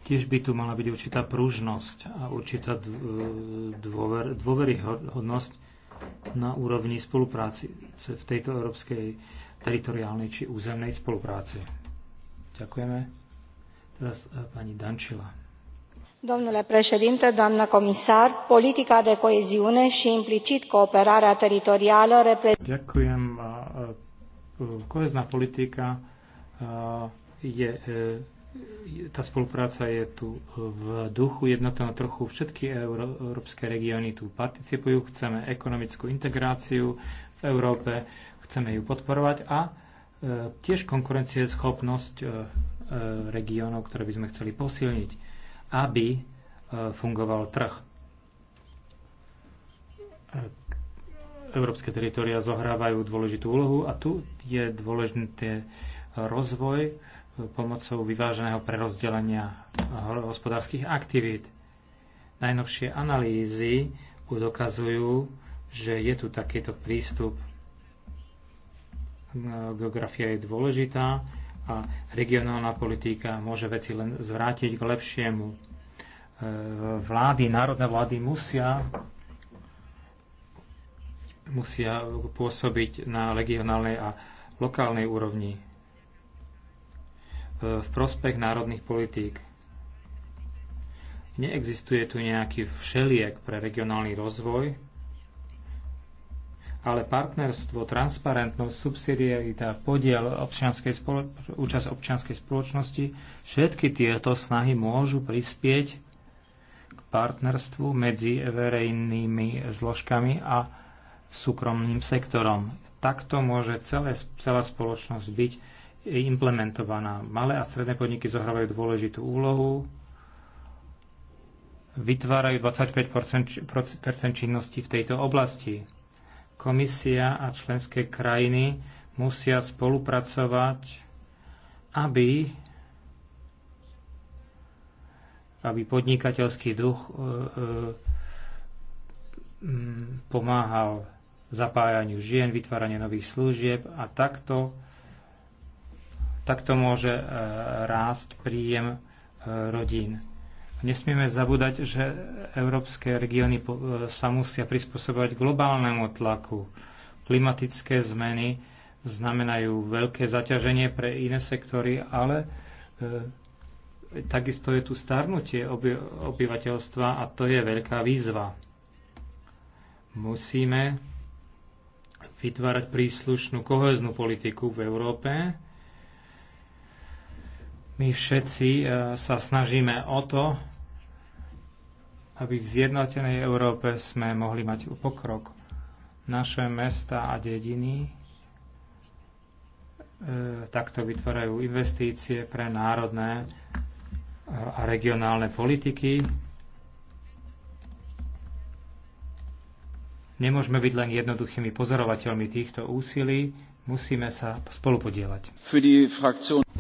Tiež by tu mala byť určitá pružnosť a určitá e, dôver, dôveryhodnosť na úrovni spolupráci v tejto európskej teritoriálnej či územnej spolupráci. Ďakujeme. Teraz e, pani Dančila. Domnule președinte, doamnă comisar, politica de coeziune și implicit cooperarea teritorială reprezintă... Ďakujem. E, kohezná politika je tá spolupráca je tu v duchu jednotného trochu. Všetky európske regióny tu participujú. Chceme ekonomickú integráciu v Európe, chceme ju podporovať a e, tiež konkurencieschopnosť e, e, regiónov, ktoré by sme chceli posilniť, aby fungoval trh. Európske teritoria zohrávajú dôležitú úlohu a tu je dôležité rozvoj pomocou vyváženého prerozdelenia hospodárskych aktivít. Najnovšie analýzy dokazujú, že je tu takýto prístup. Geografia je dôležitá a regionálna politika môže veci len zvrátiť k lepšiemu. Vlády, národné vlády musia musia pôsobiť na regionálnej a lokálnej úrovni v prospech národných politík. Neexistuje tu nejaký všeliek pre regionálny rozvoj, ale partnerstvo, transparentnosť, subsidiarita, podiel občianskej spolo- účasť občianskej spoločnosti, všetky tieto snahy môžu prispieť k partnerstvu medzi verejnými zložkami a súkromným sektorom. Takto môže celé, celá spoločnosť byť implementovaná. Malé a stredné podniky zohrávajú dôležitú úlohu, vytvárajú 25 činnosti v tejto oblasti. Komisia a členské krajiny musia spolupracovať, aby, aby podnikateľský duch uh, uh, pomáhal zapájaniu žien, vytváranie nových služieb a takto Takto môže e, rásť príjem e, rodín. Nesmieme zabúdať, že európske regióny e, sa musia prispôsobovať globálnemu tlaku. Klimatické zmeny znamenajú veľké zaťaženie pre iné sektory, ale e, takisto je tu starnutie oby, obyvateľstva a to je veľká výzva. Musíme vytvárať príslušnú koheznú politiku v Európe, my všetci e, sa snažíme o to, aby v zjednotenej Európe sme mohli mať pokrok. Naše mesta a dediny e, takto vytvárajú investície pre národné a regionálne politiky. Nemôžeme byť len jednoduchými pozorovateľmi týchto úsilí, Musíme sa spolupodielať.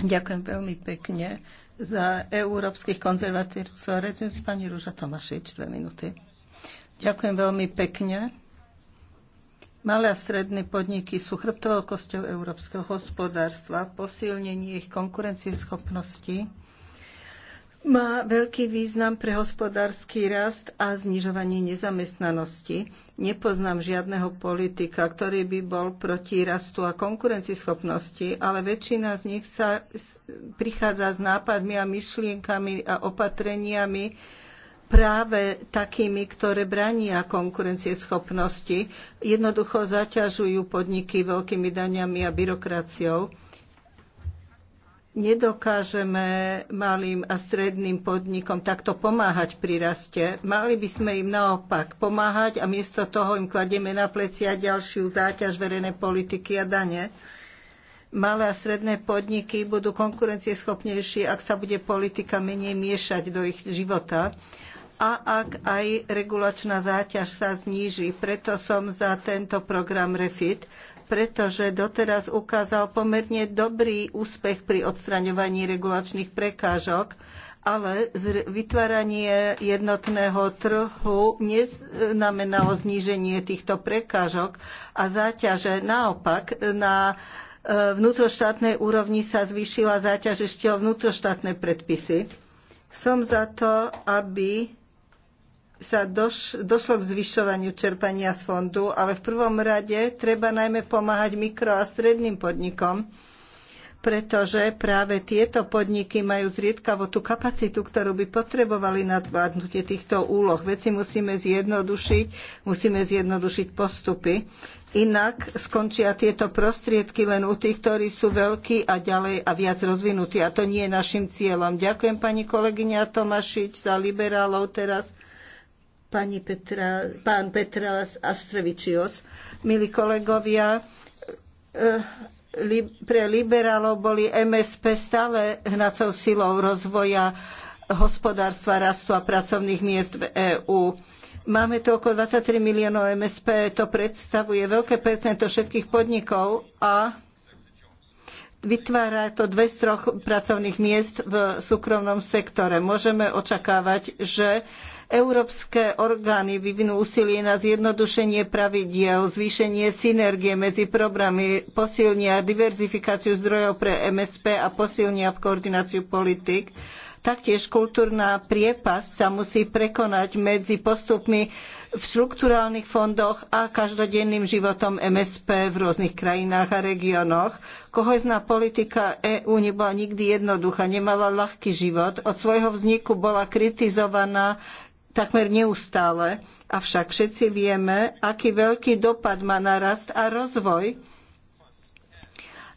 Ďakujem veľmi pekne za európskych konzervatívcov. si pani Rúža Tomášič. dve minúty. Ďakujem veľmi pekne. Malé a stredné podniky sú chrbtovou kosťou európskeho hospodárstva. Posilnenie ich konkurencieschopnosti má veľký význam pre hospodársky rast a znižovanie nezamestnanosti. Nepoznám žiadneho politika, ktorý by bol proti rastu a konkurencieschopnosti, ale väčšina z nich sa prichádza s nápadmi a myšlienkami a opatreniami práve takými, ktoré brania konkurencieschopnosti, jednoducho zaťažujú podniky veľkými daňami a byrokraciou nedokážeme malým a stredným podnikom takto pomáhať pri raste. Mali by sme im naopak pomáhať a miesto toho im kladieme na plecia ďalšiu záťaž verejnej politiky a dane. Malé a stredné podniky budú konkurencieschopnejšie, ak sa bude politika menej miešať do ich života a ak aj regulačná záťaž sa zníži. Preto som za tento program REFIT pretože doteraz ukázal pomerne dobrý úspech pri odstraňovaní regulačných prekážok, ale vytváranie jednotného trhu neznamenalo zníženie týchto prekážok a záťaže. Naopak, na e, vnútroštátnej úrovni sa zvýšila záťaž ešte o vnútroštátne predpisy. Som za to, aby sa doš, došlo k zvyšovaniu čerpania z fondu, ale v prvom rade treba najmä pomáhať mikro a stredným podnikom, pretože práve tieto podniky majú zriedkavo tú kapacitu, ktorú by potrebovali na zvládnutie týchto úloh. Veci musíme zjednodušiť, musíme zjednodušiť postupy. Inak skončia tieto prostriedky len u tých, ktorí sú veľkí a ďalej a viac rozvinutí. A to nie je našim cieľom. Ďakujem pani kolegyňa Tomašič za liberálov teraz pani Petra, pán Petra Astrevičios. Milí kolegovia, eh, pre liberálov boli MSP stále hnacou silou rozvoja hospodárstva, rastu a pracovných miest v EÚ. Máme tu okolo 23 miliónov MSP, to predstavuje veľké percento všetkých podnikov a vytvára to dve z troch pracovných miest v súkromnom sektore. Môžeme očakávať, že Európske orgány vyvinú úsilie na zjednodušenie pravidiel, zvýšenie synergie medzi programy, posilnia diverzifikáciu zdrojov pre MSP a posilnia koordináciu politik. Taktiež kultúrna priepasť sa musí prekonať medzi postupmi v štrukturálnych fondoch a každodenným životom MSP v rôznych krajinách a regiónoch. Kohezná politika EÚ nebola nikdy jednoduchá, nemala ľahký život. Od svojho vzniku bola kritizovaná takmer neustále. Avšak všetci vieme, aký veľký dopad má na rast a rozvoj,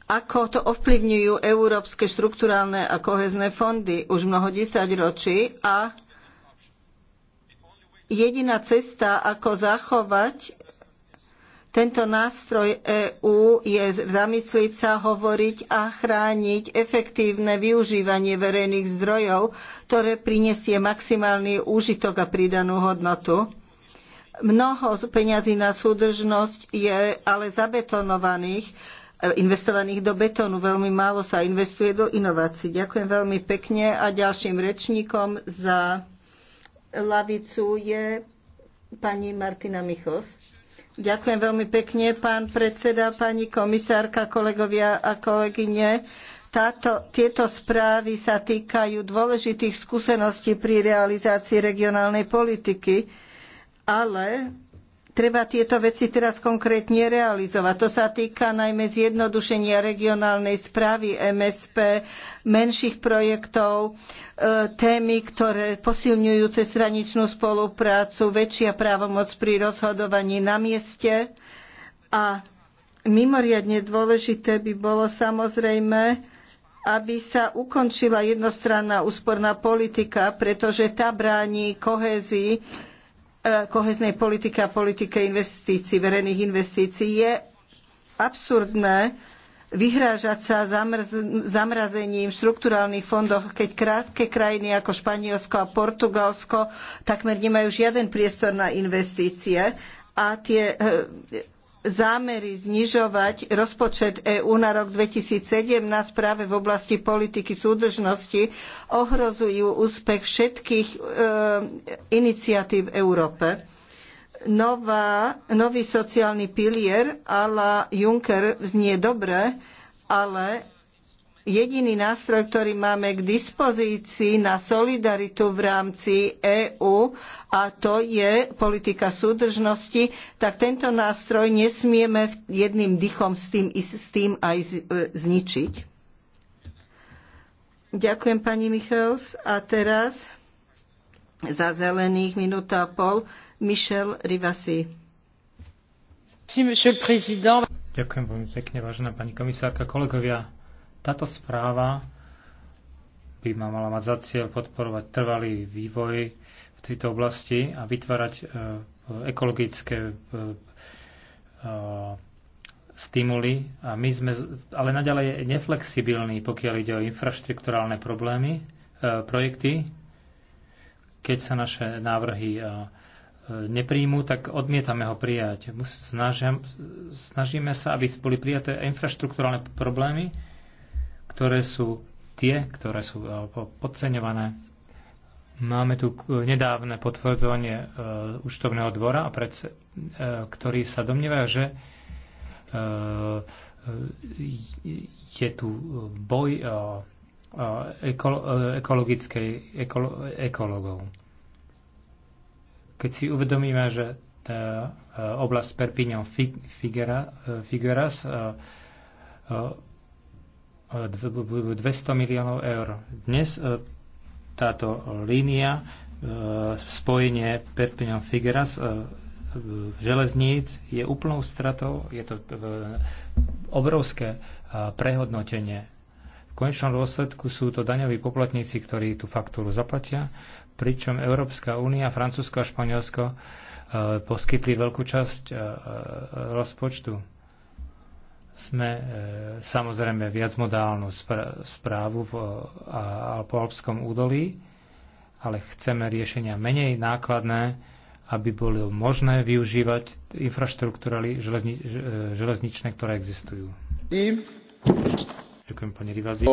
ako to ovplyvňujú európske štrukturálne a kohezné fondy už mnoho desaťročí a jediná cesta, ako zachovať tento nástroj EÚ je zamysliť sa, hovoriť a chrániť efektívne využívanie verejných zdrojov, ktoré prinesie maximálny úžitok a pridanú hodnotu. Mnoho peňazí na súdržnosť je ale zabetonovaných, investovaných do betónu. Veľmi málo sa investuje do inovácií. Ďakujem veľmi pekne a ďalším rečníkom za lavicu je pani Martina Michos. Ďakujem veľmi pekne, pán predseda, pani komisárka, kolegovia a kolegyne. Táto, tieto správy sa týkajú dôležitých skúseností pri realizácii regionálnej politiky, ale treba tieto veci teraz konkrétne realizovať. To sa týka najmä zjednodušenia regionálnej správy MSP, menších projektov, e, témy, ktoré posilňujú cezhraničnú spoluprácu, väčšia právomoc pri rozhodovaní na mieste a mimoriadne dôležité by bolo samozrejme, aby sa ukončila jednostranná úsporná politika, pretože tá bráni kohézii E, koheznej politiky a politike investícií, verejných investícií, je absurdné vyhrážať sa zamrazením v štrukturálnych fondoch, keď krátke krajiny ako Španielsko a Portugalsko takmer nemajú žiaden priestor na investície a tie e, zámery znižovať rozpočet EÚ na rok 2017 práve v oblasti politiky súdržnosti ohrozujú úspech všetkých e, iniciatív v Európe. Nová, nový sociálny pilier la Juncker znie dobre, ale Jediný nástroj, ktorý máme k dispozícii na solidaritu v rámci EÚ, a to je politika súdržnosti, tak tento nástroj nesmieme jedným dychom s tým, s tým aj e, zničiť. Ďakujem, pani Michels. A teraz za zelených minúta a pol Michel Rivasi. Ďakujem veľmi pekne, vážená pani komisárka, kolegovia. Táto správa by ma mala mať za cieľ podporovať trvalý vývoj v tejto oblasti a vytvárať e, ekologické e, e, stimuly. A my sme ale naďalej neflexibilní, pokiaľ ide o infraštruktúrálne problémy, projekty. Keď sa naše návrhy nepríjmu, tak odmietame ho prijať. Snažím, snažíme sa, aby boli prijaté infraštruktúrálne problémy, ktoré sú tie, ktoré sú e, podceňované. Máme tu nedávne potvrdzovanie e, účtovného dvora, e, ktorý sa domnieva, že je tu boj ekologickej ekologov. Keď si uvedomíme, že tá oblasť Perpignan Figueras 200 miliónov eur. Dnes e, táto línia e, spojenie Perpignan Figueras e, železníc je úplnou stratou, je to obrovské prehodnotenie. V konečnom dôsledku sú to daňoví poplatníci, ktorí tú faktúru zaplatia, pričom Európska únia, Francúzsko a Španielsko poskytli veľkú časť rozpočtu sme e, samozrejme viacmodálnu správu v Alpolskom údolí, ale chceme riešenia menej nákladné, aby bolo možné využívať infraštruktúry železni, e, železničné, ktoré existujú. I... Ďakujem, pani Rivazi.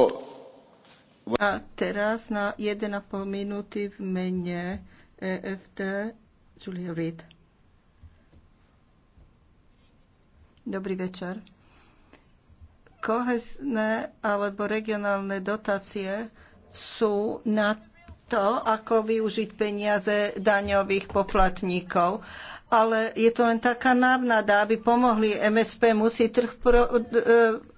A teraz na 1,5 minúty v mene EFT Julia Reed. Dobrý večer kohezné alebo regionálne dotácie sú na to, ako využiť peniaze daňových poplatníkov. Ale je to len taká návnada, aby pomohli MSP, musí trh pro, e,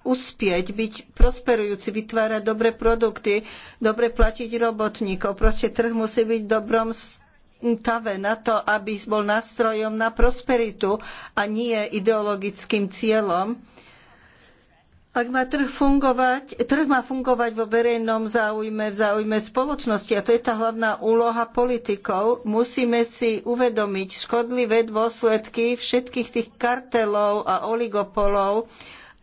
uspieť, byť prosperujúci, vytvárať dobré produkty, dobre platiť robotníkov. Proste trh musí byť v dobrom stave na to, aby bol nástrojom na prosperitu a nie ideologickým cieľom ak má trh fungovať, trh má fungovať vo verejnom záujme, v záujme spoločnosti a to je tá hlavná úloha politikov. Musíme si uvedomiť škodlivé dôsledky všetkých tých kartelov a oligopolov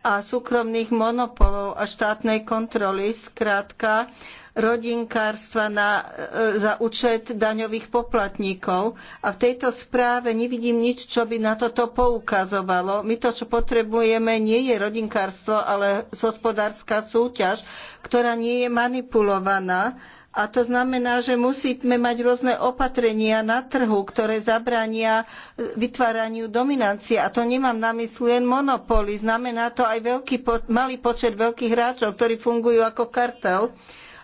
a súkromných monopolov a štátnej kontroly. Skrátka, rodinkárstva na, e, za účet daňových poplatníkov. A v tejto správe nevidím nič, čo by na toto poukazovalo. My to, čo potrebujeme, nie je rodinkárstvo, ale hospodárska súťaž, ktorá nie je manipulovaná. A to znamená, že musíme mať rôzne opatrenia na trhu, ktoré zabránia e, vytváraniu dominancie. A to nemám na mysli len monopoly. Znamená to aj veľký, malý počet veľkých hráčov, ktorí fungujú ako kartel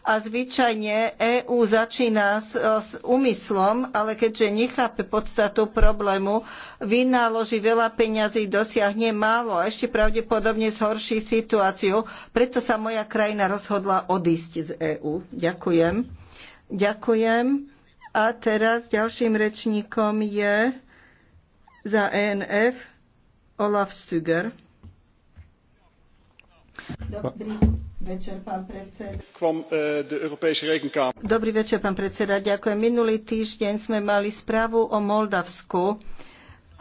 a zvyčajne EÚ začína s, s úmyslom, ale keďže nechápe podstatu problému, vynaloží veľa peňazí, dosiahne málo a ešte pravdepodobne zhorší situáciu. Preto sa moja krajina rozhodla odísť z EÚ. Ďakujem. Ďakujem. A teraz ďalším rečníkom je za ENF Olaf Stüger. Dobrý. E, Dobrý večer, pán predseda. Ďakujem. Minulý týždeň sme mali správu o Moldavsku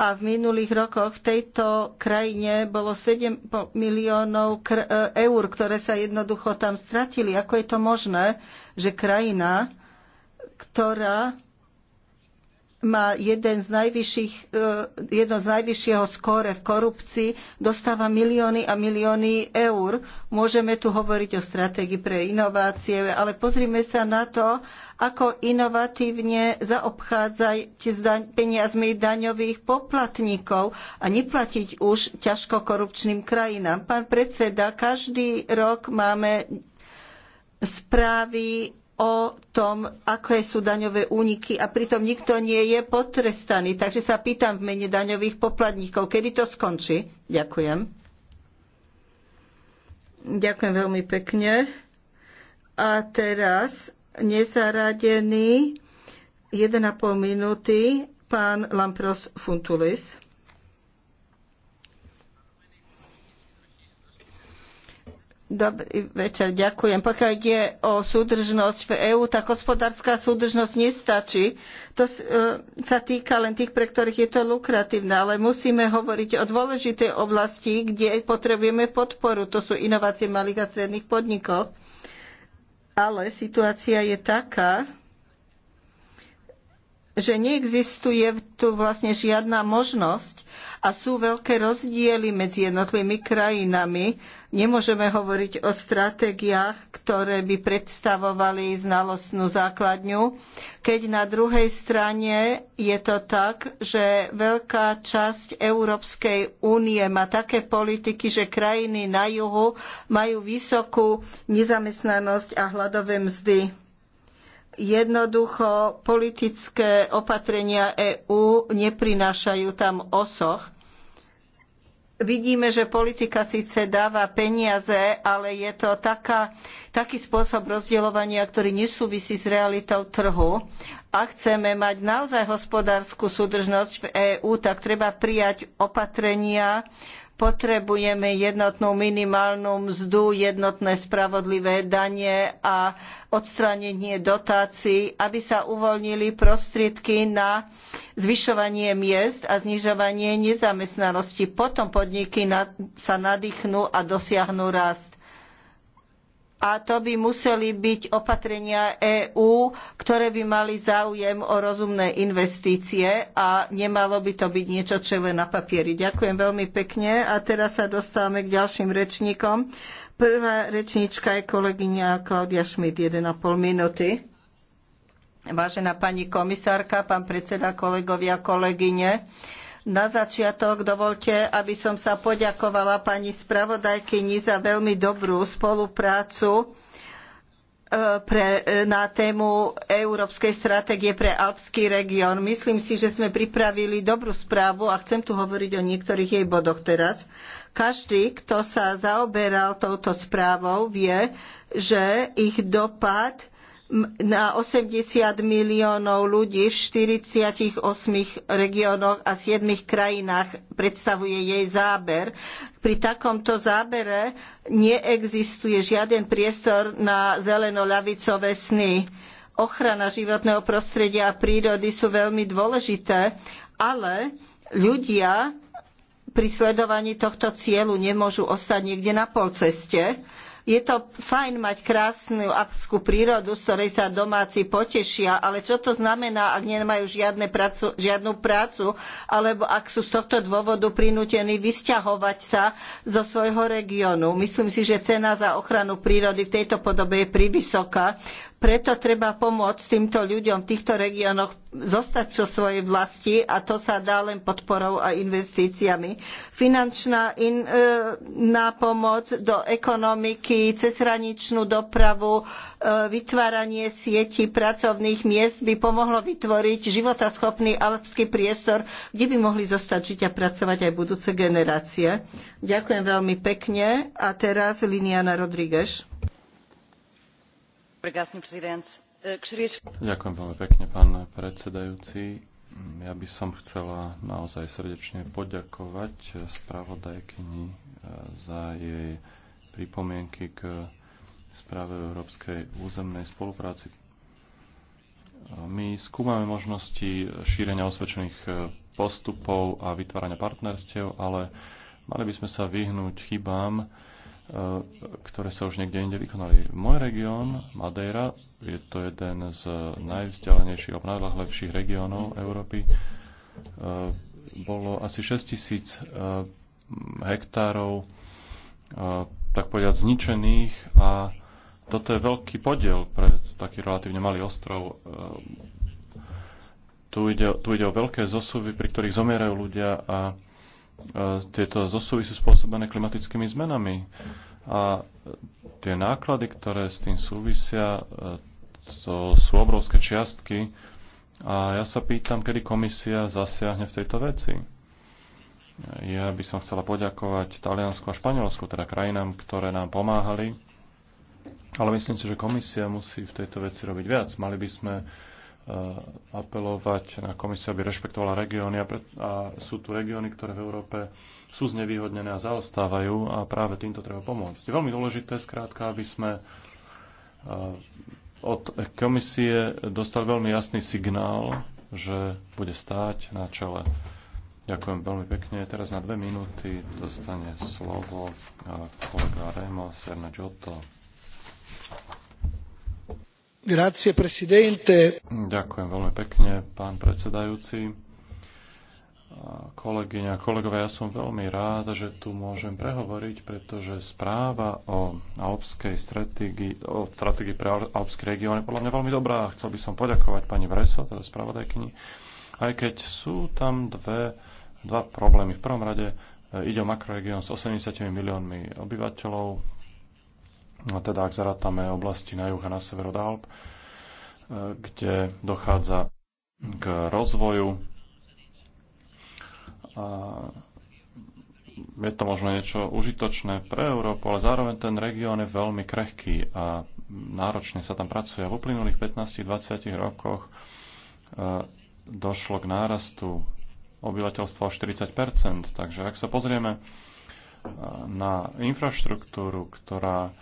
a v minulých rokoch v tejto krajine bolo 7 miliónov e, eur, ktoré sa jednoducho tam stratili. Ako je to možné, že krajina, ktorá má jeden z najvyšších, eh, jedno z najvyššieho skóre v korupcii, dostáva milióny a milióny eur. Môžeme tu hovoriť o stratégii pre inovácie, ale pozrime sa na to, ako inovatívne zaobchádzať s peniazmi daňových poplatníkov a neplatiť už ťažko korupčným krajinám. Pán predseda, každý rok máme správy o tom, aké sú daňové úniky a pritom nikto nie je potrestaný. Takže sa pýtam v mene daňových poplatníkov, kedy to skončí. Ďakujem. Ďakujem veľmi pekne. A teraz nezaradený 1,5 minúty pán Lampros Funtulis. Dobrý večer, ďakujem. Pokiaľ ide o súdržnosť v EÚ, tak hospodárska súdržnosť nestačí. To e, sa týka len tých, pre ktorých je to lukratívne, ale musíme hovoriť o dôležitej oblasti, kde potrebujeme podporu. To sú inovácie malých a stredných podnikov. Ale situácia je taká, že neexistuje tu vlastne žiadna možnosť, a sú veľké rozdiely medzi jednotlivými krajinami. Nemôžeme hovoriť o stratégiách, ktoré by predstavovali znalostnú základňu, keď na druhej strane je to tak, že veľká časť Európskej únie má také politiky, že krajiny na juhu majú vysokú nezamestnanosť a hladové mzdy jednoducho politické opatrenia EÚ neprinášajú tam osoch. Vidíme, že politika síce dáva peniaze, ale je to taká, taký spôsob rozdeľovania, ktorý nesúvisí s realitou trhu. A chceme mať naozaj hospodársku súdržnosť v EÚ, tak treba prijať opatrenia, uh, potrebujeme jednotnú minimálnu mzdu, jednotné spravodlivé dane a odstránenie dotácií, aby sa uvoľnili prostriedky na zvyšovanie miest a znižovanie nezamestnanosti. Potom podniky sa nadýchnú a dosiahnu rast a to by museli byť opatrenia EÚ, ktoré by mali záujem o rozumné investície a nemalo by to byť niečo, čo je len na papieri. Ďakujem veľmi pekne a teraz sa dostávame k ďalším rečníkom. Prvá rečníčka je kolegyňa Klaudia a 1,5 minúty. Vážená pani komisárka, pán predseda, kolegovia, kolegyne, na začiatok dovolte, aby som sa poďakovala pani spravodajkyni za veľmi dobrú spoluprácu e, pre, e, na tému Európskej stratégie pre Alpský región. Myslím si, že sme pripravili dobrú správu a chcem tu hovoriť o niektorých jej bodoch teraz. Každý, kto sa zaoberal touto správou, vie, že ich dopad na 80 miliónov ľudí v 48 regiónoch a 7 krajinách predstavuje jej záber. Pri takomto zábere neexistuje žiaden priestor na zeleno-ľavicové sny. Ochrana životného prostredia a prírody sú veľmi dôležité, ale ľudia pri sledovaní tohto cieľu nemôžu ostať niekde na polceste je to fajn mať krásnu alpskú prírodu, z ktorej sa domáci potešia, ale čo to znamená, ak nemajú žiadnu prácu, alebo ak sú z tohto dôvodu prinútení vysťahovať sa zo svojho regiónu. Myslím si, že cena za ochranu prírody v tejto podobe je privysoká. Preto treba pomôcť týmto ľuďom v týchto regiónoch zostať vo svojej vlasti a to sa dá len podporou a investíciami. Finančná in, e, pomoc do ekonomiky, cezhraničnú dopravu, e, vytváranie sietí pracovných miest by pomohlo vytvoriť životaschopný alpský priestor, kde by mohli zostať žiť a pracovať aj budúce generácie. Ďakujem veľmi pekne a teraz Liniana Rodríguez. E, Ďakujem veľmi pekne, pán predsedajúci. Ja by som chcela naozaj srdečne poďakovať spravodajkyni e, za jej pripomienky k správe o európskej územnej spolupráci. E, my skúmame možnosti šírenia osvedčených postupov a vytvárania partnerstiev, ale mali by sme sa vyhnúť chybám, E, ktoré sa už niekde inde vykonali. Môj región, Madeira, je to jeden z najvzdialenejších, najľahlepších regiónov Európy. E, bolo asi 6 tisíc e, hektárov, tak povedať, zničených a toto je veľký podiel pre taký relatívne malý ostrov. Tu ide, tu ide o veľké zosuvy, pri ktorých zomierajú ľudia a tieto zosúvy sú spôsobené klimatickými zmenami a tie náklady, ktoré s tým súvisia, e, to sú obrovské čiastky a ja sa pýtam, kedy komisia zasiahne v tejto veci. Ja by som chcela poďakovať Taliansku a Španielsku, teda krajinám, ktoré nám pomáhali, ale myslím si, že komisia musí v tejto veci robiť viac. Mali by sme Eh, apelovať na komisiu, aby rešpektovala regióny a, pred, a sú tu regióny, ktoré v Európe sú znevýhodnené a zaostávajú a práve týmto treba pomôcť. Je veľmi dôležité skrátka, aby sme eh, od komisie dostali veľmi jasný signál, že bude stáť na čele. Ďakujem veľmi pekne. Teraz na dve minúty dostane slovo eh, kolega Remo Serna Giotto. Ďakujem veľmi pekne, pán predsedajúci. Kolegyňa, kolegovia, ja som veľmi rád, že tu môžem prehovoriť, pretože správa o alpskej stratégii, o stratégii pre alpský región je podľa mňa veľmi dobrá. a Chcel by som poďakovať pani Vreso, teda spravodajkyni, aj keď sú tam dve, dva problémy. V prvom rade eh, ide o makroregión s 80 miliónmi obyvateľov, No teda ak zarátame oblasti na juh a na sever od Alp, e, kde dochádza k rozvoju. A je to možno niečo užitočné pre Európu, ale zároveň ten región je veľmi krehký a náročne sa tam pracuje. V uplynulých 15-20 rokoch e, došlo k nárastu obyvateľstva o 40 Takže ak sa pozrieme e, na infraštruktúru, ktorá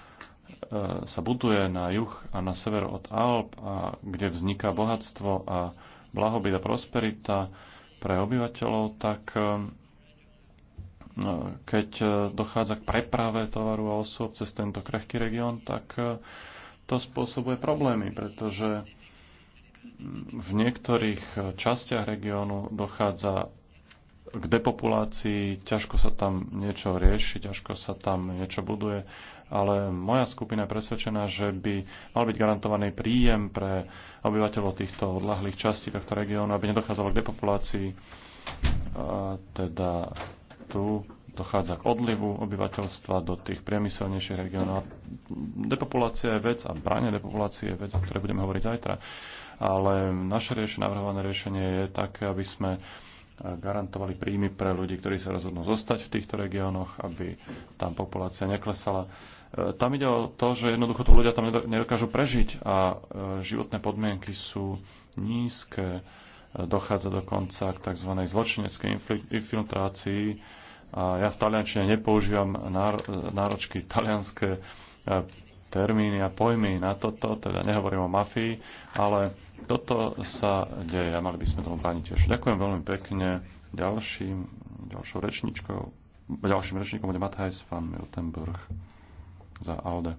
E, sa buduje na juh a na sever od Alp, a kde vzniká bohatstvo a blahobyt a prosperita pre obyvateľov, tak e, e, keď dochádza k preprave tovaru a osôb cez tento krehký región, tak to spôsobuje problémy, pretože v niektorých častiach regiónu dochádza k depopulácii, ťažko sa tam niečo rieši, ťažko sa tam niečo buduje, ale moja skupina je presvedčená, že by mal byť garantovaný príjem pre obyvateľov týchto odlahlých častí tohto regiónu, aby nedochádzalo k depopulácii. A teda tu dochádza k odlivu obyvateľstva do tých priemyselnejších regiónov. Depopulácia je vec a bráne depopulácie je vec, o ktorej budeme hovoriť zajtra. Ale naše riešenie, navrhované riešenie je také, aby sme garantovali príjmy pre ľudí, ktorí sa rozhodnú zostať v týchto regiónoch, aby tam populácia neklesala. E, tam ide o to, že jednoducho to ľudia tam nedokážu prežiť a e, životné podmienky sú nízke. E, dochádza dokonca k tzv. zločineckej infiltrácii. A ja v Taliančine nepoužívam náročky talianské termíny a pojmy na toto, teda nehovorím o mafii, ale toto sa deje a mali by sme tomu brániť tiež. Ďakujem veľmi pekne ďalším, ďalšou rečničkou, ďalším rečníkom bude Matthijs van Miltenburg za ALDE.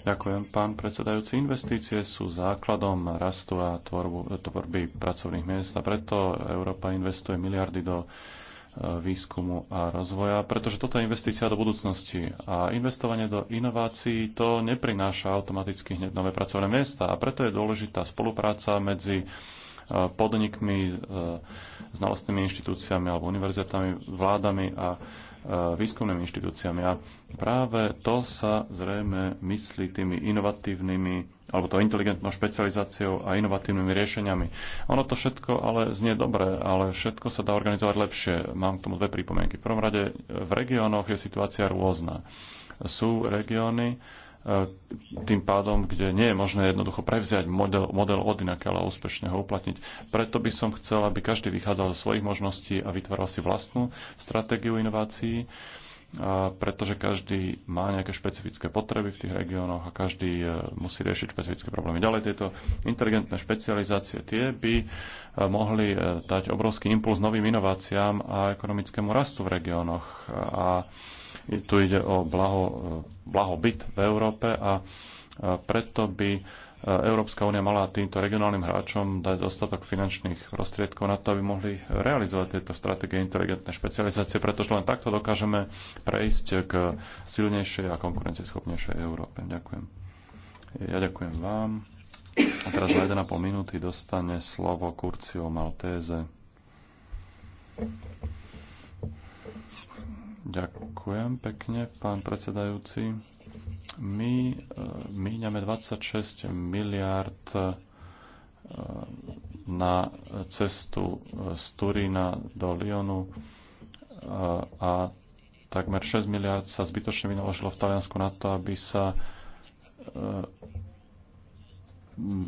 Ďakujem, pán predsedajúci. Investície sú základom rastu a tvorbu, tvorby pracovných miest a preto Európa investuje miliardy do výskumu a rozvoja, pretože toto je investícia do budúcnosti a investovanie do inovácií to neprináša automaticky hneď nové pracovné miesta a preto je dôležitá spolupráca medzi e, podnikmi, e, znalostnými inštitúciami alebo univerzitami, vládami a e, výskumnými inštitúciami. A práve to sa zrejme myslí tými inovatívnymi alebo to inteligentnou špecializáciou a inovatívnymi riešeniami. Ono to všetko ale znie dobre, ale všetko sa dá organizovať lepšie. Mám k tomu dve pripomienky. V prvom rade v regiónoch je situácia rôzna. Sú regióny, e, tým pádom, kde nie je možné jednoducho prevziať model, model od ale úspešne ho uplatniť. Preto by som chcel, aby každý vychádzal zo svojich možností a vytváral si vlastnú stratégiu inovácií pretože každý má nejaké špecifické potreby v tých regiónoch a každý e, musí riešiť špecifické problémy. Ďalej tieto inteligentné špecializácie tie by e, mohli e, dať obrovský impuls novým inováciám a ekonomickému rastu v regiónoch. A tu ide o blaho, blahobyt v Európe a preto by E, Európska únia mala týmto regionálnym hráčom dať dostatok finančných prostriedkov na to, aby mohli realizovať tieto stratégie inteligentnej špecializácie, pretože len takto dokážeme prejsť k silnejšej a konkurencieschopnejšej Európe. Ďakujem. Ja ďakujem vám. A teraz za 1,5 minúty dostane slovo Kurcio Maltéze. Ďakujem pekne, pán predsedajúci my e, míňame 26 miliard e, na cestu e, z Turína do Lyonu a takmer 6 miliard sa zbytočne vynaložilo v Taliansku na to, aby sa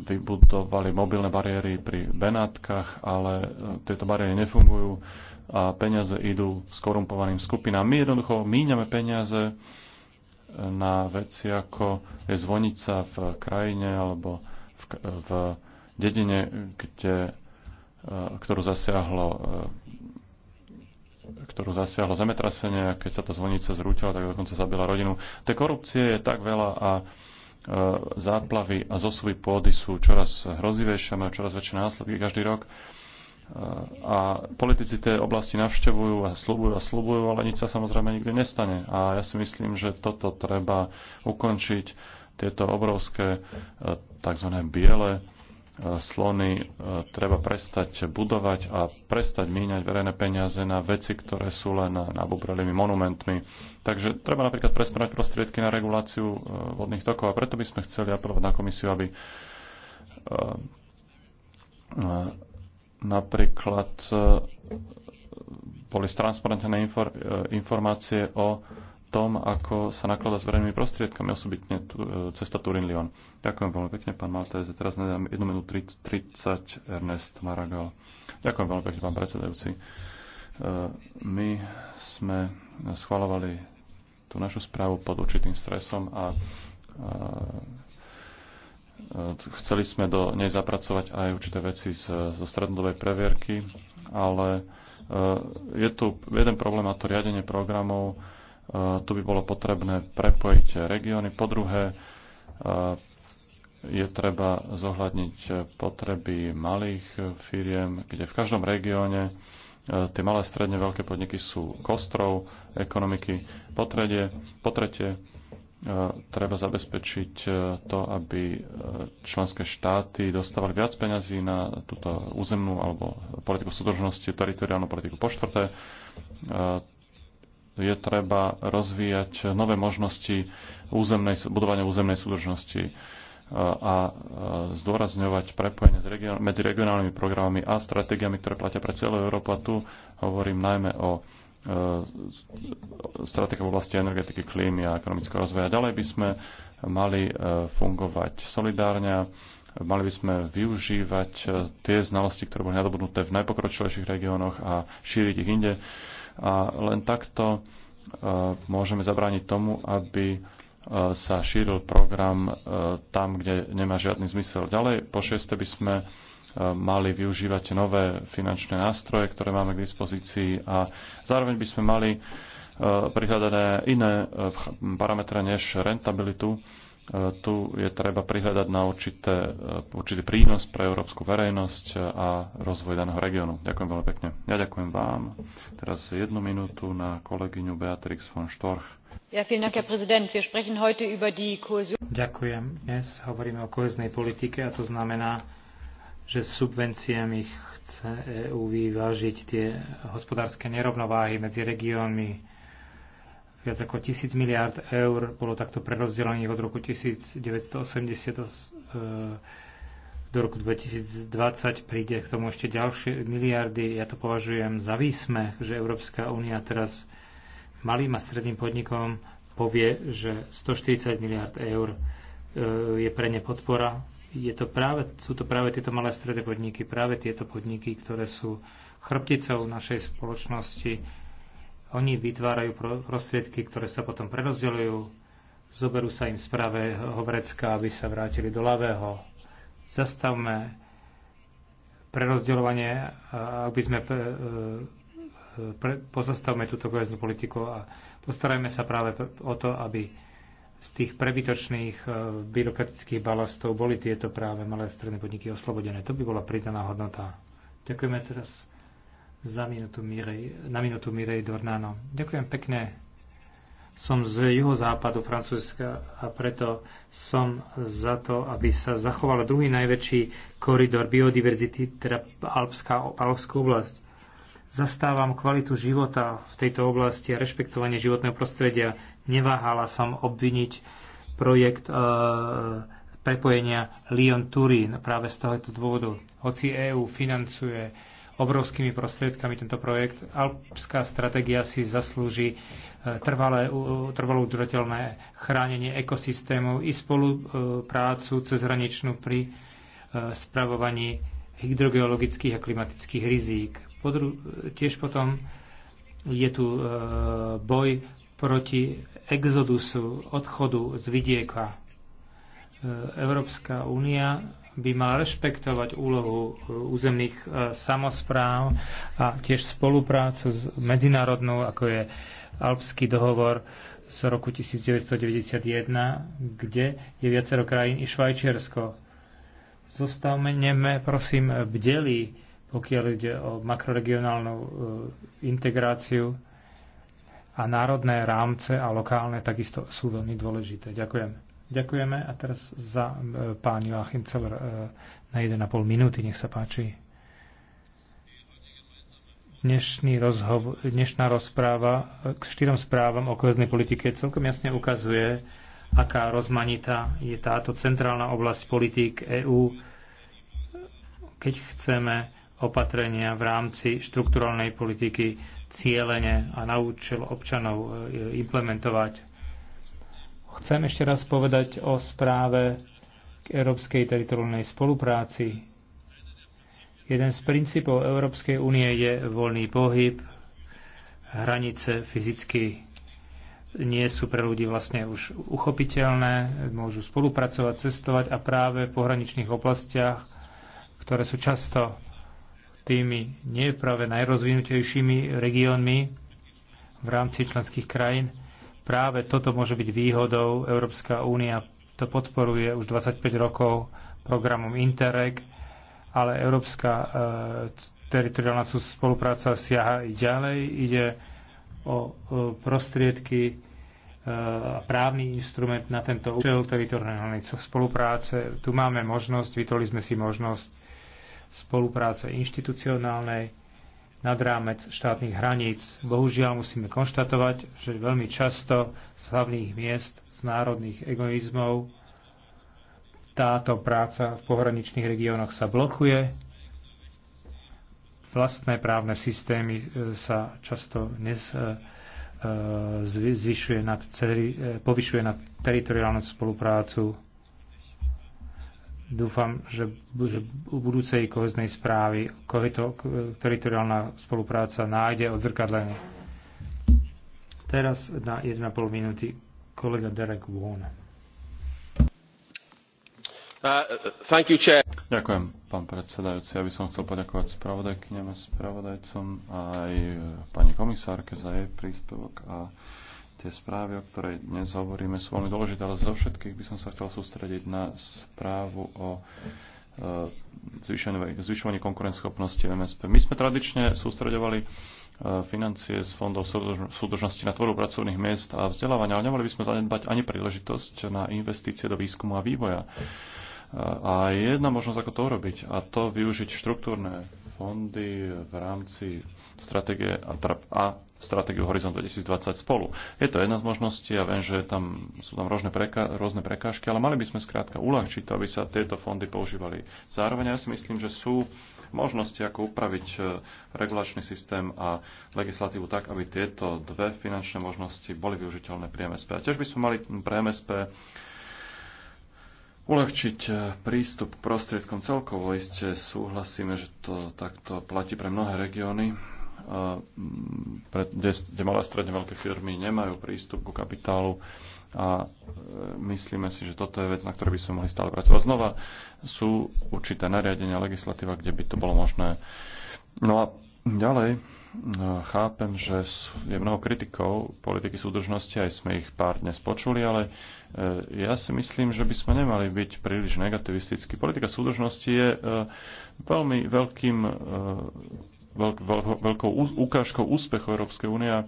vybudovali mobilné bariéry pri Benátkach, ale tieto bariéry nefungujú a peniaze idú skorumpovaným skupinám. My jednoducho míňame peniaze na veci, ako je zvonica v krajine alebo v, v dedine, kde, e, ktorú zasiahlo e, ktorú zasiahlo zemetrasenie a keď sa tá zvonica zrútila, tak dokonca zabila rodinu. Tej korupcie je tak veľa a e, záplavy a zosuvy pôdy sú čoraz hrozivejšie, majú čoraz väčšie následky každý rok a politici tie oblasti navštevujú a slubujú a slubujú, ale nič sa samozrejme nikdy nestane. A ja si myslím, že toto treba ukončiť, tieto obrovské e, tzv. biele e, slony e, treba prestať budovať a prestať míňať verejné peniaze na veci, ktoré sú len nabubrelými monumentmi. Takže treba napríklad presprávať prostriedky na reguláciu vodných tokov a preto by sme chceli apelovať na komisiu, aby Napríklad e, boli transparentné e, informácie o tom, ako sa naklada s verejnými prostriedkami, osobitne e, cesta Turin Lyon. Ďakujem veľmi pekne, pán Maltez. Teraz nedám 1 minút 30 Ernest Maragal. Ďakujem veľmi pekne, pán predsedajúci. My sme schvalovali tú našu správu pod určitým stresom a Eh, chceli sme do nej zapracovať aj určité veci z, zo strednodobej previerky, ale eh, je tu jeden problém a to riadenie programov. Eh, tu by bolo potrebné prepojiť regióny. Po druhé, je treba zohľadniť potreby malých firiem, kde v každom regióne tie malé, stredne veľké podniky sú kostrov ekonomiky. Po tretie, po tretie E, treba zabezpečiť e, to, aby e, členské štáty dostávali viac peňazí na túto územnú alebo politiku súdržnosti, teritoriálnu politiku. Po štvrté, je treba rozvíjať nové možnosti územnej, budovania územnej súdržnosti a zdôrazňovať prepojenie medzi regionálnymi programami a stratégiami, ktoré platia pre celú Európu. A tu hovorím najmä o E, stratégia v oblasti energetiky, klímy a ekonomického rozvoja. Ďalej by sme mali e, fungovať solidárne, mali by sme využívať e, tie znalosti, ktoré boli nadobudnuté v najpokročilejších regiónoch a šíriť ich inde. A len takto môžeme zabrániť tomu, aby sa šíril program tam, kde nemá žiadny zmysel. Ďalej, po šieste by sme mali využívať nové finančné nástroje, ktoré máme k dispozícii a zároveň by sme mali e, prihľadané iné e, parametre než rentabilitu. E, tu je treba prihľadať na určité, určitý prínos pre európsku verejnosť a rozvoj daného regiónu. Ďakujem veľmi pekne. Ja ďakujem vám. Teraz jednu minútu na kolegyňu Beatrix von Storch. Ja, Wir heute über die Ďakujem. Dnes hovoríme o koheznej politike a to znamená, že subvenciami chce EÚ vyvážiť tie hospodárske nerovnováhy medzi regiónmi. Viac ako tisíc miliard eur bolo takto prerozdelených od roku 1980 do, e, do roku 2020. Príde k tomu ešte ďalšie miliardy. Ja to považujem za výsmech, že Európska únia teraz malým a stredným podnikom povie, že 140 miliard eur e, je pre ne podpora je to práve, sú to práve tieto malé stredné podniky, práve tieto podniky, ktoré sú chrbticou našej spoločnosti. Oni vytvárajú prostriedky, ktoré sa potom prerozdeľujú, zoberú sa im z pravého vrecka, aby sa vrátili do ľavého. Zastavme prerozdeľovanie, aby sme e, e, pozastavme túto koheznú politiku a postarajme sa práve o to, aby z tých prebytočných e, byrokratických balastov boli tieto práve malé stredné podniky oslobodené. To by bola pridaná hodnota. Ďakujeme teraz za minútu Mirej, na minútu Mirej Dornáno. Ďakujem pekne. Som z juhozápadu Francúzska a preto som za to, aby sa zachoval druhý najväčší koridor biodiverzity, teda Alpská, Alpská oblasť. Zastávam kvalitu života v tejto oblasti a rešpektovanie životného prostredia Neváhala som obviniť projekt e, prepojenia Lyon-Turín práve z tohoto dôvodu. Hoci EÚ financuje obrovskými prostriedkami tento projekt, alpská stratégia si zaslúži e, trvalé, trvalo udržateľné chránenie ekosystémov i spoluprácu cezhraničnú pri e, spravovaní hydrogeologických a klimatických rizík. Podru- tiež potom je tu e, boj proti exodusu, odchodu z vidieka. E, Európska únia by mala rešpektovať úlohu e, územných e, samospráv a tiež spoluprácu s medzinárodnou, ako je Alpský dohovor z roku 1991, kde je viacero krajín i Švajčiarsko. Zostaneme, prosím, bdeli, pokiaľ ide o makroregionálnu integráciu a národné rámce a lokálne takisto sú veľmi dôležité. Ďakujem. Ďakujeme a teraz za e, pán Joachim Celer e, na 1,5 minúty, nech sa páči. Dnešný rozhov, dnešná rozpráva e, k štyrom správam o kohezné politike celkom jasne ukazuje, aká rozmanitá je táto centrálna oblasť politík EÚ, keď chceme opatrenia v rámci štrukturálnej politiky cieľene a na účel občanov e, implementovať. Chcem ešte raz povedať o správe k európskej teritoriálnej spolupráci. Jeden z princípov Európskej únie je voľný pohyb. Hranice fyzicky nie sú pre ľudí vlastne už uchopiteľné, môžu spolupracovať, cestovať a práve v pohraničných oblastiach, ktoré sú často tými nie práve najrozvinutejšími regiónmi v rámci členských krajín. Práve toto môže byť výhodou. Európska únia to podporuje už 25 rokov programom Interreg, ale európska e, teritoriálna spolupráca siaha i ďalej. Ide o o prostriedky e, a právny instrument na tento účel teritoriálnej spolupráce. Tu máme možnosť, vytvorili sme si možnosť spolupráce inštitucionálnej nad rámec štátnych hraníc. Bohužiaľ musíme konštatovať, že veľmi často z hlavných miest, z národných egoizmov táto práca v pohraničných regiónoch sa blokuje, vlastné právne systémy e, sa často nez, e, e, zvyšuje nad, povyšuje nad teritoriálnu spoluprácu Dúfam, že, že u budúcej koheznej správy kohito, teritoriálna spolupráca nájde odzrkadlenie. Teraz na 1,5 minúty kolega Derek Wona. Uh, thank you, chair. Ďakujem, pán predsedajúci. Ja by som chcel poďakovať spravodajkyňam a spravodajcom a aj e, pani komisárke za jej príspevok a tie správy, o ktorej dnes hovoríme, sú veľmi dôležité, ale zo všetkých by som sa chcel sústrediť na správu o e, zvyšovaní konkurenceschopnosti MSP. My sme tradične sústredovali e, financie z fondov súdržnosti na tvorbu pracovných miest a vzdelávania, ale nemali by sme zanedbať ani príležitosť na investície do výskumu a vývoja. E, a je jedna možnosť, ako to urobiť, a to využiť štruktúrne fondy v rámci stratégie a, a stratégiu Horizon 2020 spolu. Je to jedna z možností, ja viem, že tam sú tam rôzne, preka- rôzne prekážky, ale mali by sme skrátka uľahčiť to, aby sa tieto fondy používali. Zároveň ja si myslím, že sú možnosti, ako upraviť e, regulačný systém a legislatívu tak, aby tieto dve finančné možnosti boli využiteľné pri MSP. A tiež by sme mali pre MSP uľahčiť e, prístup k prostriedkom celkovo. Iste súhlasíme, že to takto platí pre mnohé regióny Mm, kde, kde malé a stredne veľké firmy nemajú prístup ku kapitálu a e, myslíme si, že toto je vec, na ktorej by sme mohli stále pracovať. Znova sú určité nariadenia, legislatíva, kde by to bolo možné. No a ďalej e, chápem, že je mnoho kritikov politiky súdržnosti, aj sme ich pár dnes počuli, ale e, ja si myslím, že by sme nemali byť príliš negativistickí. Politika súdržnosti je veľmi veľkým veľk, veľk, veľkou ukážkou úspechu Európskej únie. E,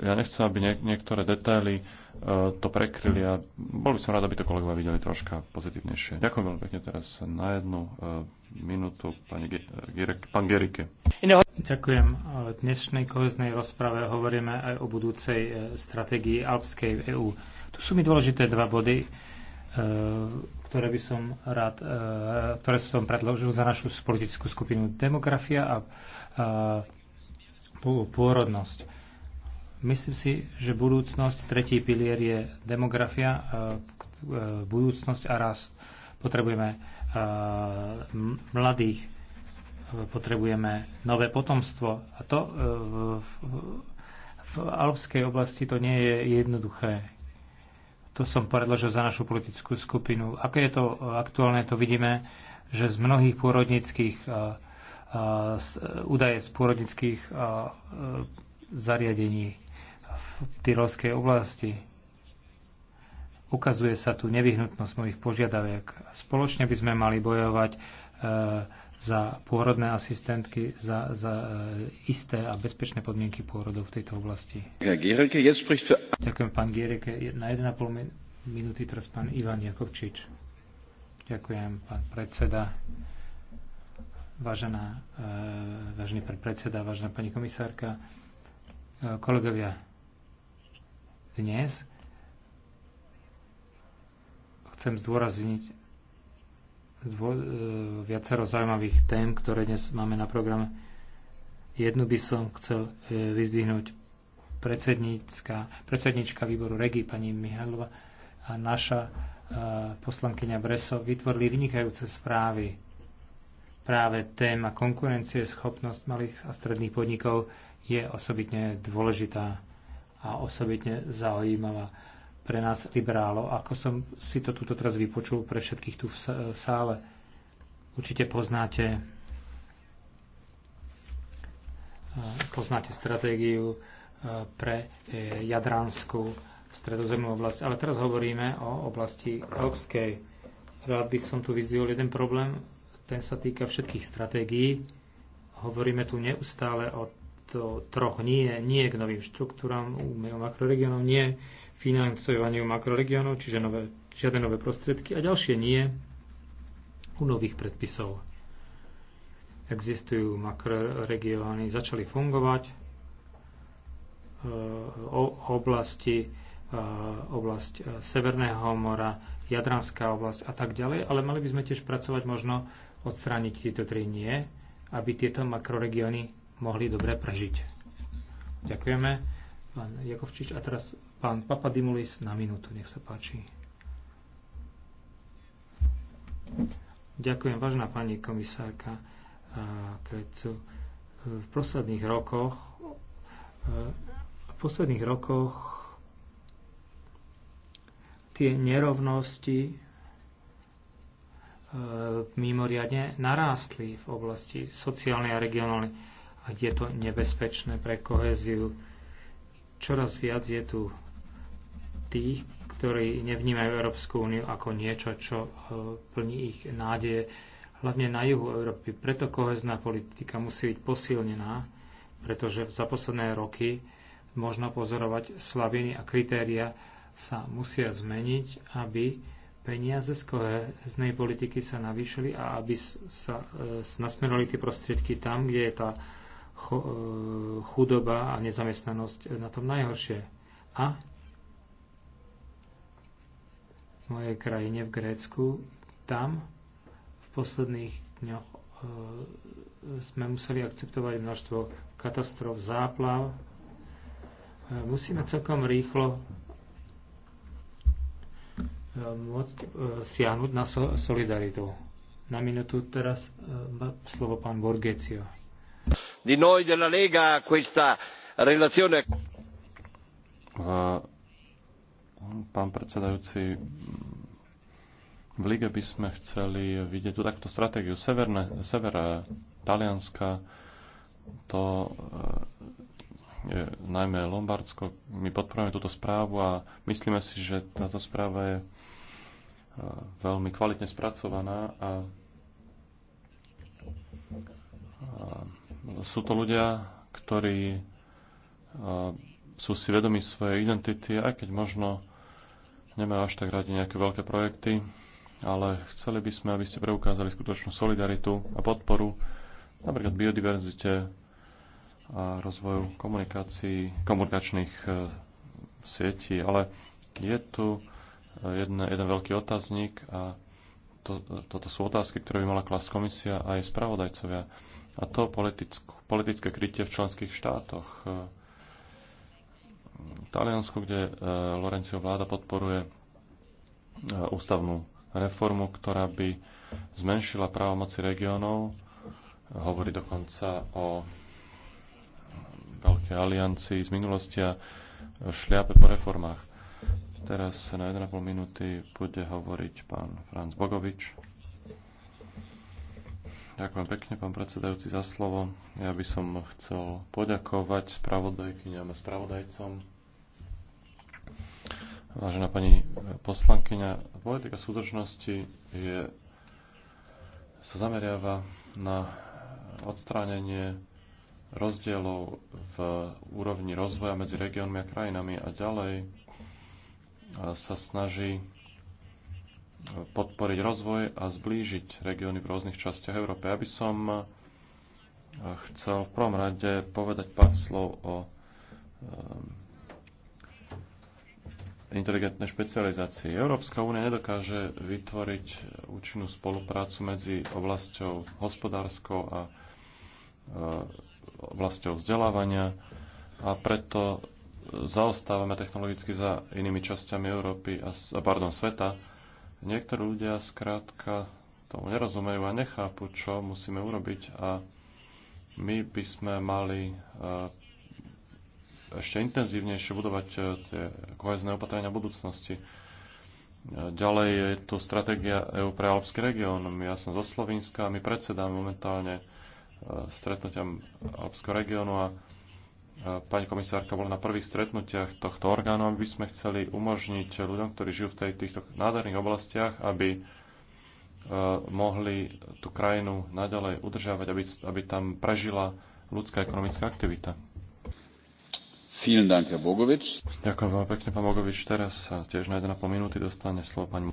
ja nechcem, aby nie, niektoré detaily e, to prekryli a bol by som rád, aby to kolegovia videli troška pozitívnejšie. Ďakujem veľmi pekne teraz na jednu e, minútu pani Gierke, pán Gerike. Ďakujem. V dnešnej koheznej rozprave hovoríme aj o budúcej stratégii Alpskej EÚ. Tu sú mi dôležité dva body ktoré by som rád, e, ktoré som predložil za našu politickú skupinu demografia a, e, pôrodnosť. Myslím si, že budúcnosť, tretí pilier je demografia, a, e, budúcnosť a rast. Potrebujeme mladých, potrebujeme nové potomstvo a to v, v, v alpskej oblasti to nie je jednoduché to som predložil za našu politickú skupinu. Aké je to e, aktuálne, to vidíme, že z mnohých pôrodnických e, e, údaje z pôrodnických zariadení v Tyrovskej oblasti. Ukazuje sa tu nevyhnutnosť mojich požiadaviek. Spoločne by sme mali bojovať za pôrodné asistentky, za, za e, isté a bezpečné podmienky pôrodov v tejto oblasti. Ďakujem, pán Gierike. Na 1,5 minúty teraz pán Ivan Jakovčič. Ďakujem, pán predseda. Vážená, e, vážený pán predseda, vážená pani komisárka, e, kolegovia, dnes chcem zdôrazniť E, viacero zaujímavých tém, ktoré dnes máme na programe. Jednu by som chcel e, vyzdvihnúť predsednička výboru REGI, pani Mihalova a naša e, poslankyňa Breso vytvorili vynikajúce správy práve téma konkurencie, schopnosť malých a stredných podnikov je osobitne dôležitá a osobitne zaujímavá pre nás liberálov, ako som si to tuto teraz vypočul pre všetkých tu v sále. Určite poznáte eh, poznáte stratégiu eh, pre eh, Jadranskú stredozemnú oblasť. Ale teraz hovoríme o oblasti Alpskej. Rád by som tu vyzdvihol jeden problém, ten sa týka všetkých stratégií. Hovoríme tu neustále o to, troch nie, nie k novým štruktúram, u makroregionov nie, financovaniu makroregionov, čiže nové, žiadne nové prostriedky a ďalšie nie u nových predpisov. Existujú makroregióny, začali fungovať e, o oblasti, e, oblasť e, Severného mora, Jadranská oblasť a tak ďalej, ale mali by sme tiež pracovať možno odstrániť tieto tri nie, aby tieto makroregióny mohli dobre prežiť. Ďakujeme, pán Jakovčič. A teraz Pán Papadimulis na minútu, nech sa páči. Ďakujem, vážna pani komisárka Krecu. E, v posledných rokoch e, v posledných rokoch tie nerovnosti e, mimoriadne narástli v oblasti sociálnej a regionálnej a je to nebezpečné pre koheziu. Čoraz viac je tu tých, ktorí nevnímajú Európsku úniu ako niečo, čo e, plní ich nádeje, hlavne na juhu Európy. Preto kohezná politika musí byť posilnená, pretože za posledné roky možno pozorovať slabiny a kritéria sa musia zmeniť, aby peniaze z koheznej politiky sa navýšili a aby sa e, nasmerovali tie prostriedky tam, kde je tá e, chudoba a nezamestnanosť na tom najhoršie. A mojej krajine v Grécku. Tam v posledných dňoch e, sme museli akceptovať množstvo katastrof, záplav. E, musíme celkom rýchlo e, môcť e, siahnuť na so, solidaritu. Na minútu teraz e, slovo pán Borgecio. Di noi della Lega questa relazione pán predsedajúci. V Lige by sme chceli vidieť tú takúto stratégiu. Severné, sever Talianska, to e, je, najmä Lombardsko, my podporujeme túto správu a myslíme si, že táto správa je e, veľmi kvalitne spracovaná a sú to ľudia, ktorí e, sú si vedomi svojej identity, aj keď možno nemajú až tak radi nejaké veľké projekty, ale chceli by sme, aby ste preukázali skutočnú solidaritu a podporu napríklad biodiverzite a rozvoju komunikácií, komunikačných e, sietí, ale je tu e, jedne, jeden veľký otáznik a to, toto sú otázky, ktoré by mala klas komisia a aj spravodajcovia. A to politick, politické krytie v členských štátoch. E, Taliansku, kde e, Lorencio vláda podporuje e, ústavnú reformu, ktorá by zmenšila právomoci regiónov. Hovorí dokonca o veľkej aliancii z minulosti a šliape po reformách. Teraz na 1,5 minúty bude hovoriť pán Franz Bogovič. Ďakujem pekne, pán predsedajúci, za slovo. Ja by som chcel poďakovať spravodajkyňam a spravodajcom. Vážená pani poslankyňa, politika súdržnosti je, sa zameriava na odstránenie rozdielov v úrovni rozvoja medzi regiónmi a krajinami a ďalej sa snaží podporiť rozvoj a zblížiť regióny v rôznych častiach Európy. Aby som eh, chcel v prvom rade povedať pár slov o eh, inteligentnej špecializácii. Európska únia nedokáže vytvoriť účinnú spoluprácu medzi oblasťou hospodárskou a eh, oblasťou vzdelávania a preto zaostávame technologicky za inými časťami Európy a, pardon, sveta Niektorí ľudia skrátka tomu nerozumejú a nechápu, čo musíme urobiť a my by sme mali eh, ešte intenzívnejšie budovať eh, tie kohezné opatrenia budúcnosti. Eh, ďalej je tu stratégia EU pre Alpský región. Ja som zo Slovenska, my predsedáme momentálne stretnutiam Alpského regiónu a pani komisárka bola na prvých stretnutiach tohto orgánu, aby sme chceli umožniť ľuďom, ktorí žijú v tej, týchto nádherných oblastiach, aby e, mohli tú krajinu naďalej udržiavať, aby, aby tam prežila ľudská ekonomická aktivita. Dank, Ďakujem veľmi pekne, pán Bogovič. Teraz sa tiež na 1,5 minúty dostane slovo pani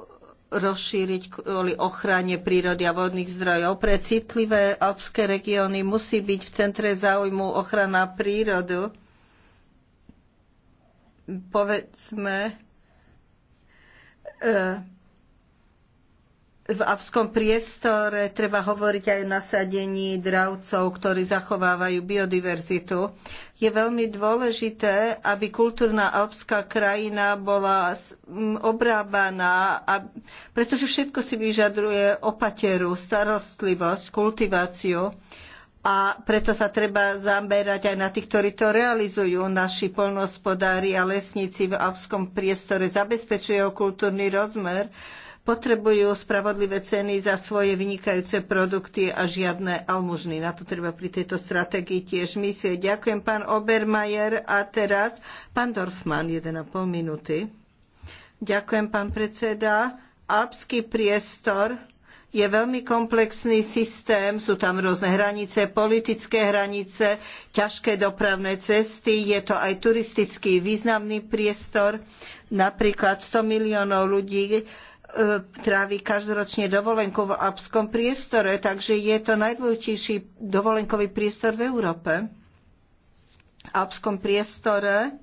rozšíriť kvôli ochrane prírody a vodných zdrojov. Pre citlivé alpské regióny musí byť v centre záujmu ochrana prírodu. Povedzme, e, v avskom priestore treba hovoriť aj o nasadení dravcov, ktorí zachovávajú biodiverzitu. Je veľmi dôležité, aby kultúrna alpská krajina bola obrábaná, a, pretože všetko si vyžaduje opateru, starostlivosť, kultiváciu a preto sa treba zamerať aj na tých, ktorí to realizujú. Naši poľnohospodári a lesníci v avskom priestore zabezpečujú kultúrny rozmer, potrebujú spravodlivé ceny za svoje vynikajúce produkty a žiadne almužny. Na to treba pri tejto stratégii tiež myslieť. Ďakujem pán Obermajer a teraz pán Dorfman, 1,5 minúty. Ďakujem pán predseda. Alpský priestor je veľmi komplexný systém, sú tam rôzne hranice, politické hranice, ťažké dopravné cesty, je to aj turistický významný priestor, napríklad 100 miliónov ľudí E, trávi každoročne dovolenku v alpskom priestore, takže je to najdôležitejší dovolenkový priestor v Európe. V alpskom priestore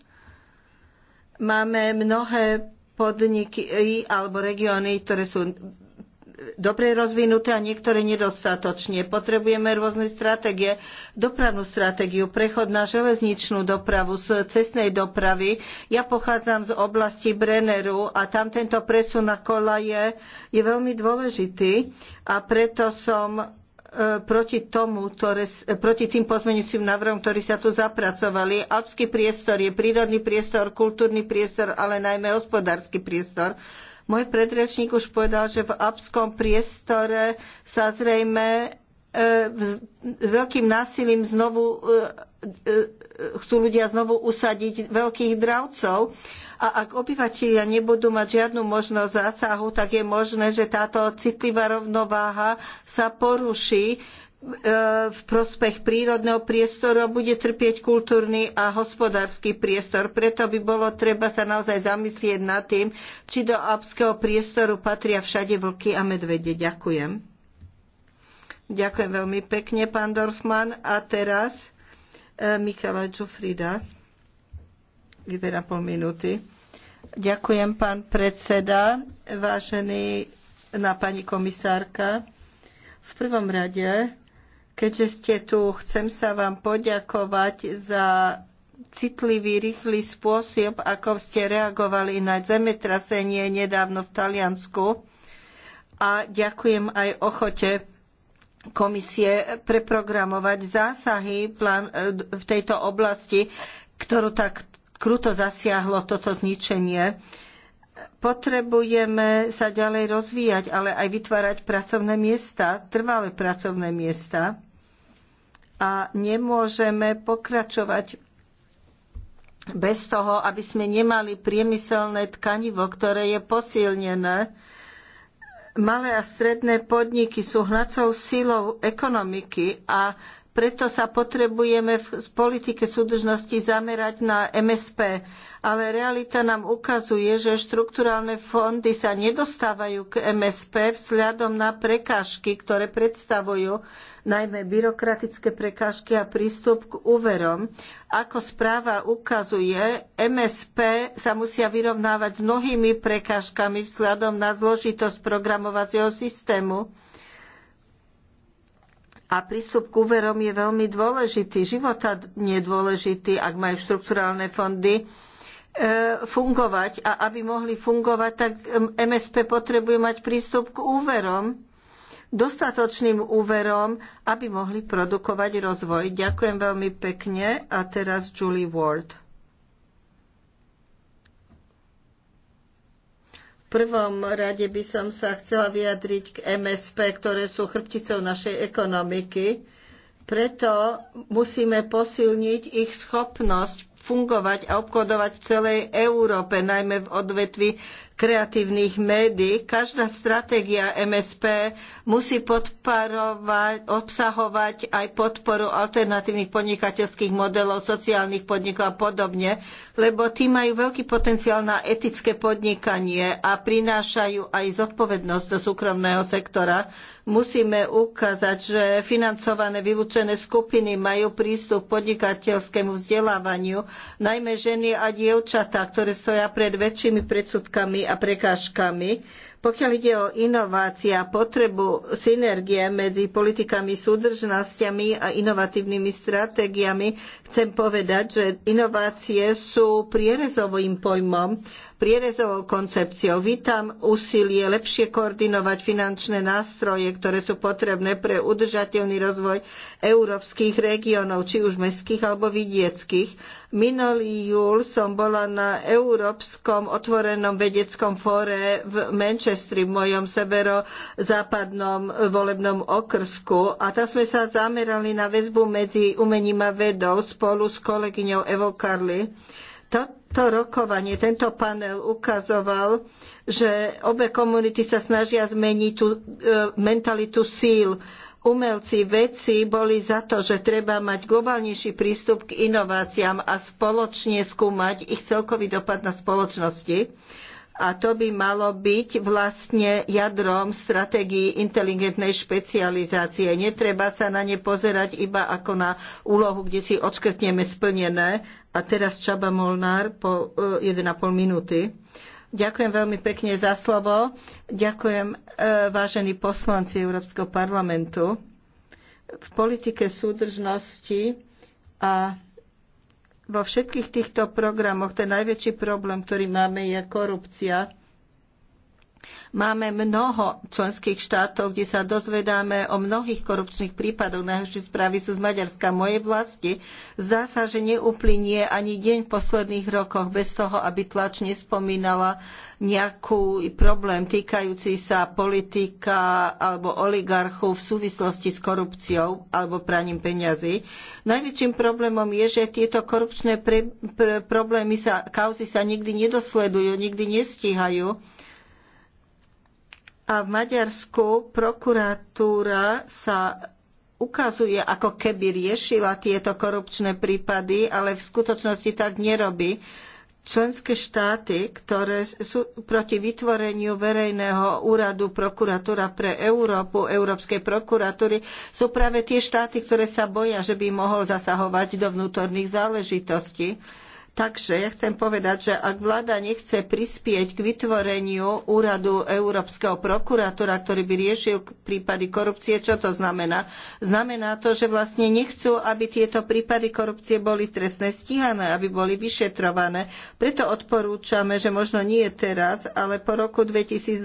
máme mnohé podniky alebo regióny, ktoré sú dobre rozvinuté a niektoré nedostatočne. Potrebujeme rôzne stratégie, dopravnú stratégiu, prechod na železničnú dopravu z cestnej dopravy. Ja pochádzam z oblasti Brenneru a tam tento presun na kola je, je veľmi dôležitý a preto som e, proti, tomu, ktoré, e, proti tým pozmeňujúcim návrhom, ktorí sa tu zapracovali. Alpský priestor je prírodný priestor, kultúrny priestor, ale najmä hospodársky priestor. Môj predrečník už povedal, že v apskom priestore sa zrejme e, veľkým násilím znovu e, e, chcú ľudia znovu usadiť veľkých dravcov a ak obyvatelia nebudú mať žiadnu možnosť zásahu, tak je možné, že táto citlivá rovnováha sa poruší E, v prospech prírodného priestoru bude trpieť kultúrny a hospodársky priestor. Preto by bolo treba sa naozaj zamyslieť nad tým, či do alpského priestoru patria všade vlky a medvede. Ďakujem. Ďakujem veľmi pekne, pán Dorfman. A teraz e, Michala Čufrida. 1,5 minúty. Ďakujem, pán predseda, vážený na pani komisárka. V prvom rade Keďže ste tu, chcem sa vám poďakovať za citlivý, rýchly spôsob, ako ste reagovali na zemetrasenie nedávno v Taliansku. A ďakujem aj ochote komisie preprogramovať zásahy e, v tejto oblasti, ktorú tak kruto zasiahlo toto zničenie. Potrebujeme sa ďalej rozvíjať, ale aj vytvárať pracovné miesta, trvalé pracovné miesta a nemôžeme pokračovať bez toho, aby sme nemali priemyselné tkanivo, ktoré je posilnené. Malé a stredné podniky sú hnacou silou ekonomiky a preto sa potrebujeme v politike súdržnosti zamerať na MSP. Ale realita nám ukazuje, že štrukturálne fondy sa nedostávajú k MSP vzhľadom na prekážky, ktoré predstavujú najmä byrokratické prekážky a prístup k úverom. Ako správa ukazuje, MSP sa musia vyrovnávať s mnohými prekážkami vzhľadom na zložitosť programovacieho systému a prístup k úverom je veľmi dôležitý. Života je dôležitý, ak majú štrukturálne fondy e, fungovať. A aby mohli fungovať, tak MSP potrebuje mať prístup k úverom, dostatočným úverom, aby mohli produkovať rozvoj. Ďakujem veľmi pekne. A teraz Julie Ward. prvom rade by som sa chcela vyjadriť k MSP, ktoré sú chrbticou našej ekonomiky. Preto musíme posilniť ich schopnosť fungovať a obchodovať v celej Európe, najmä v odvetvi kreatívnych médií. Každá stratégia MSP musí obsahovať aj podporu alternatívnych podnikateľských modelov, sociálnych podnikov a podobne, lebo tí majú veľký potenciál na etické podnikanie a prinášajú aj zodpovednosť do súkromného sektora. Musíme ukázať, že financované vylúčené skupiny majú prístup k podnikateľskému vzdelávaniu, najmä ženy a dievčatá, ktoré stoja pred väčšími predsudkami a prekážkami. Pokiaľ ide o inovácie a potrebu synergie medzi politikami súdržnosťami a inovatívnymi stratégiami, chcem povedať, že inovácie sú prierezovým pojmom prierezovou koncepciou. Vítam úsilie lepšie koordinovať finančné nástroje, ktoré sú potrebné pre udržateľný rozvoj európskych regiónov, či už mestských alebo vidieckých. Minulý júl som bola na Európskom otvorenom vedeckom fóre v Manchestri, v mojom severozápadnom volebnom okrsku a tam sme sa zamerali na väzbu medzi umením a vedou spolu s kolegyňou Evo Karli. To, to rokovanie, tento panel ukazoval, že obe komunity sa snažia zmeniť tú e, mentalitu síl. Umelci, vedci boli za to, že treba mať globálnejší prístup k inováciám a spoločne skúmať ich celkový dopad na spoločnosti. A to by malo byť vlastne jadrom stratégií inteligentnej špecializácie. Netreba sa na ne pozerať iba ako na úlohu, kde si odškrtneme splnené, a teraz Čaba Molnár po 1,5 eh, minúty. Ďakujem veľmi pekne za slovo. Ďakujem eh, vážení poslanci Európskeho parlamentu. V politike súdržnosti a vo všetkých týchto programoch ten najväčší problém, ktorý máme, je korupcia Máme mnoho členských štátov, kde sa dozvedáme o mnohých korupčných prípadoch. Najhoršie správy sú z Maďarska, mojej vlasti. Zdá sa, že neuplynie ani deň v posledných rokoch bez toho, aby tlač nespomínala nejaký problém týkajúci sa politika alebo oligarchu v súvislosti s korupciou alebo praním peňazí. Najväčším problémom je, že tieto korupčné problémy sa, kauzy sa nikdy nedosledujú, nikdy nestíhajú a v Maďarsku prokuratúra sa ukazuje, ako keby riešila tieto korupčné prípady, ale v skutočnosti tak nerobí. Členské štáty, ktoré sú proti vytvoreniu verejného úradu prokuratúra pre Európu, Európskej prokuratúry, sú práve tie štáty, ktoré sa boja, že by mohol zasahovať do vnútorných záležitostí. Takže ja chcem povedať, že ak vláda nechce prispieť k vytvoreniu úradu Európskeho prokurátora, ktorý by riešil prípady korupcie, čo to znamená? Znamená to, že vlastne nechcú, aby tieto prípady korupcie boli trestne stíhané, aby boli vyšetrované. Preto odporúčame, že možno nie teraz, ale po roku 2020,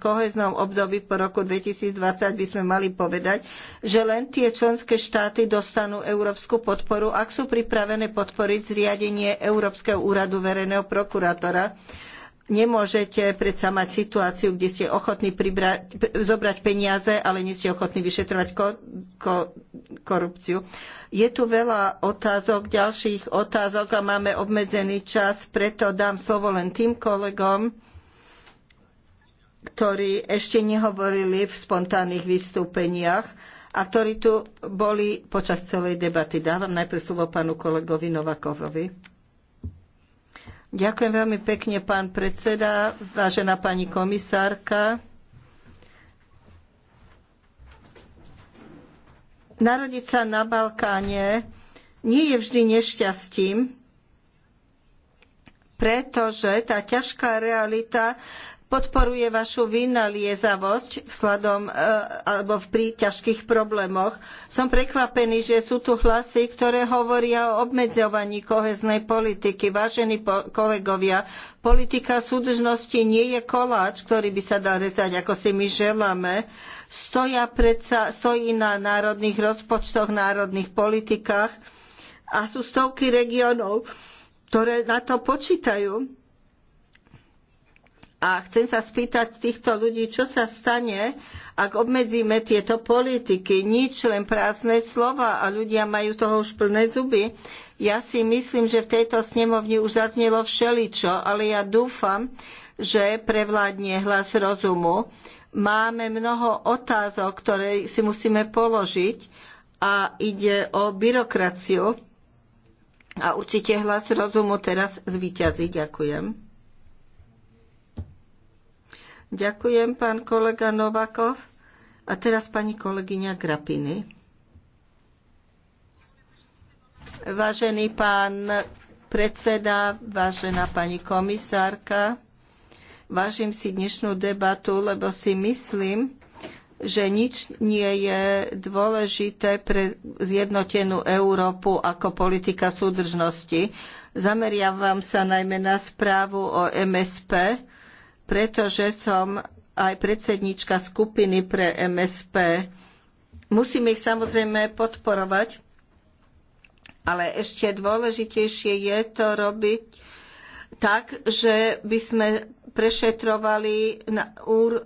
v koheznom období po roku 2020 by sme mali povedať, že len tie členské štáty dostanú európsku podporu, ak sú pripravené podporiť zriadenie Európskeho úradu verejného prokurátora. Nemôžete predsa mať situáciu, kde ste ochotní pribrať, zobrať peniaze, ale nie ste ochotní vyšetrovať ko, ko, korupciu. Je tu veľa otázok, ďalších otázok a máme obmedzený čas, preto dám slovo len tým kolegom, ktorí ešte nehovorili v spontánnych vystúpeniach a ktorí tu boli počas celej debaty. Dávam najprv slovo pánu kolegovi Novakovovi. Ďakujem veľmi pekne, pán predseda, vážená pani komisárka. Narodiť sa na Balkáne nie je vždy nešťastím, pretože tá ťažká realita podporuje vašu vynaliezavosť vzhľadom e, alebo pri ťažkých problémoch. Som prekvapený, že sú tu hlasy, ktoré hovoria o obmedzovaní koheznej politiky. Vážení kolegovia, politika súdržnosti nie je koláč, ktorý by sa dal rezať, ako si my želáme. Predsa, stojí na národných rozpočtoch, národných politikách a sú stovky regiónov, ktoré na to počítajú a chcem sa spýtať týchto ľudí, čo sa stane, ak obmedzíme tieto politiky. Nič, len prázdne slova a ľudia majú toho už plné zuby. Ja si myslím, že v tejto snemovni už zaznelo všeličo, ale ja dúfam, že prevládne hlas rozumu. Máme mnoho otázok, ktoré si musíme položiť a ide o byrokraciu. A určite hlas rozumu teraz zvíťazí. Ďakujem. Ďakujem, pán kolega Novakov. A teraz pani kolegyňa Grapiny. Vážený pán predseda, vážená pani komisárka, vážim si dnešnú debatu, lebo si myslím, že nič nie je dôležité pre zjednotenú Európu ako politika súdržnosti. Zameriavam sa najmä na správu o MSP, pretože som aj predsednička skupiny pre MSP. Musíme ich samozrejme podporovať, ale ešte dôležitejšie je to robiť tak, že by sme prešetrovali na úr,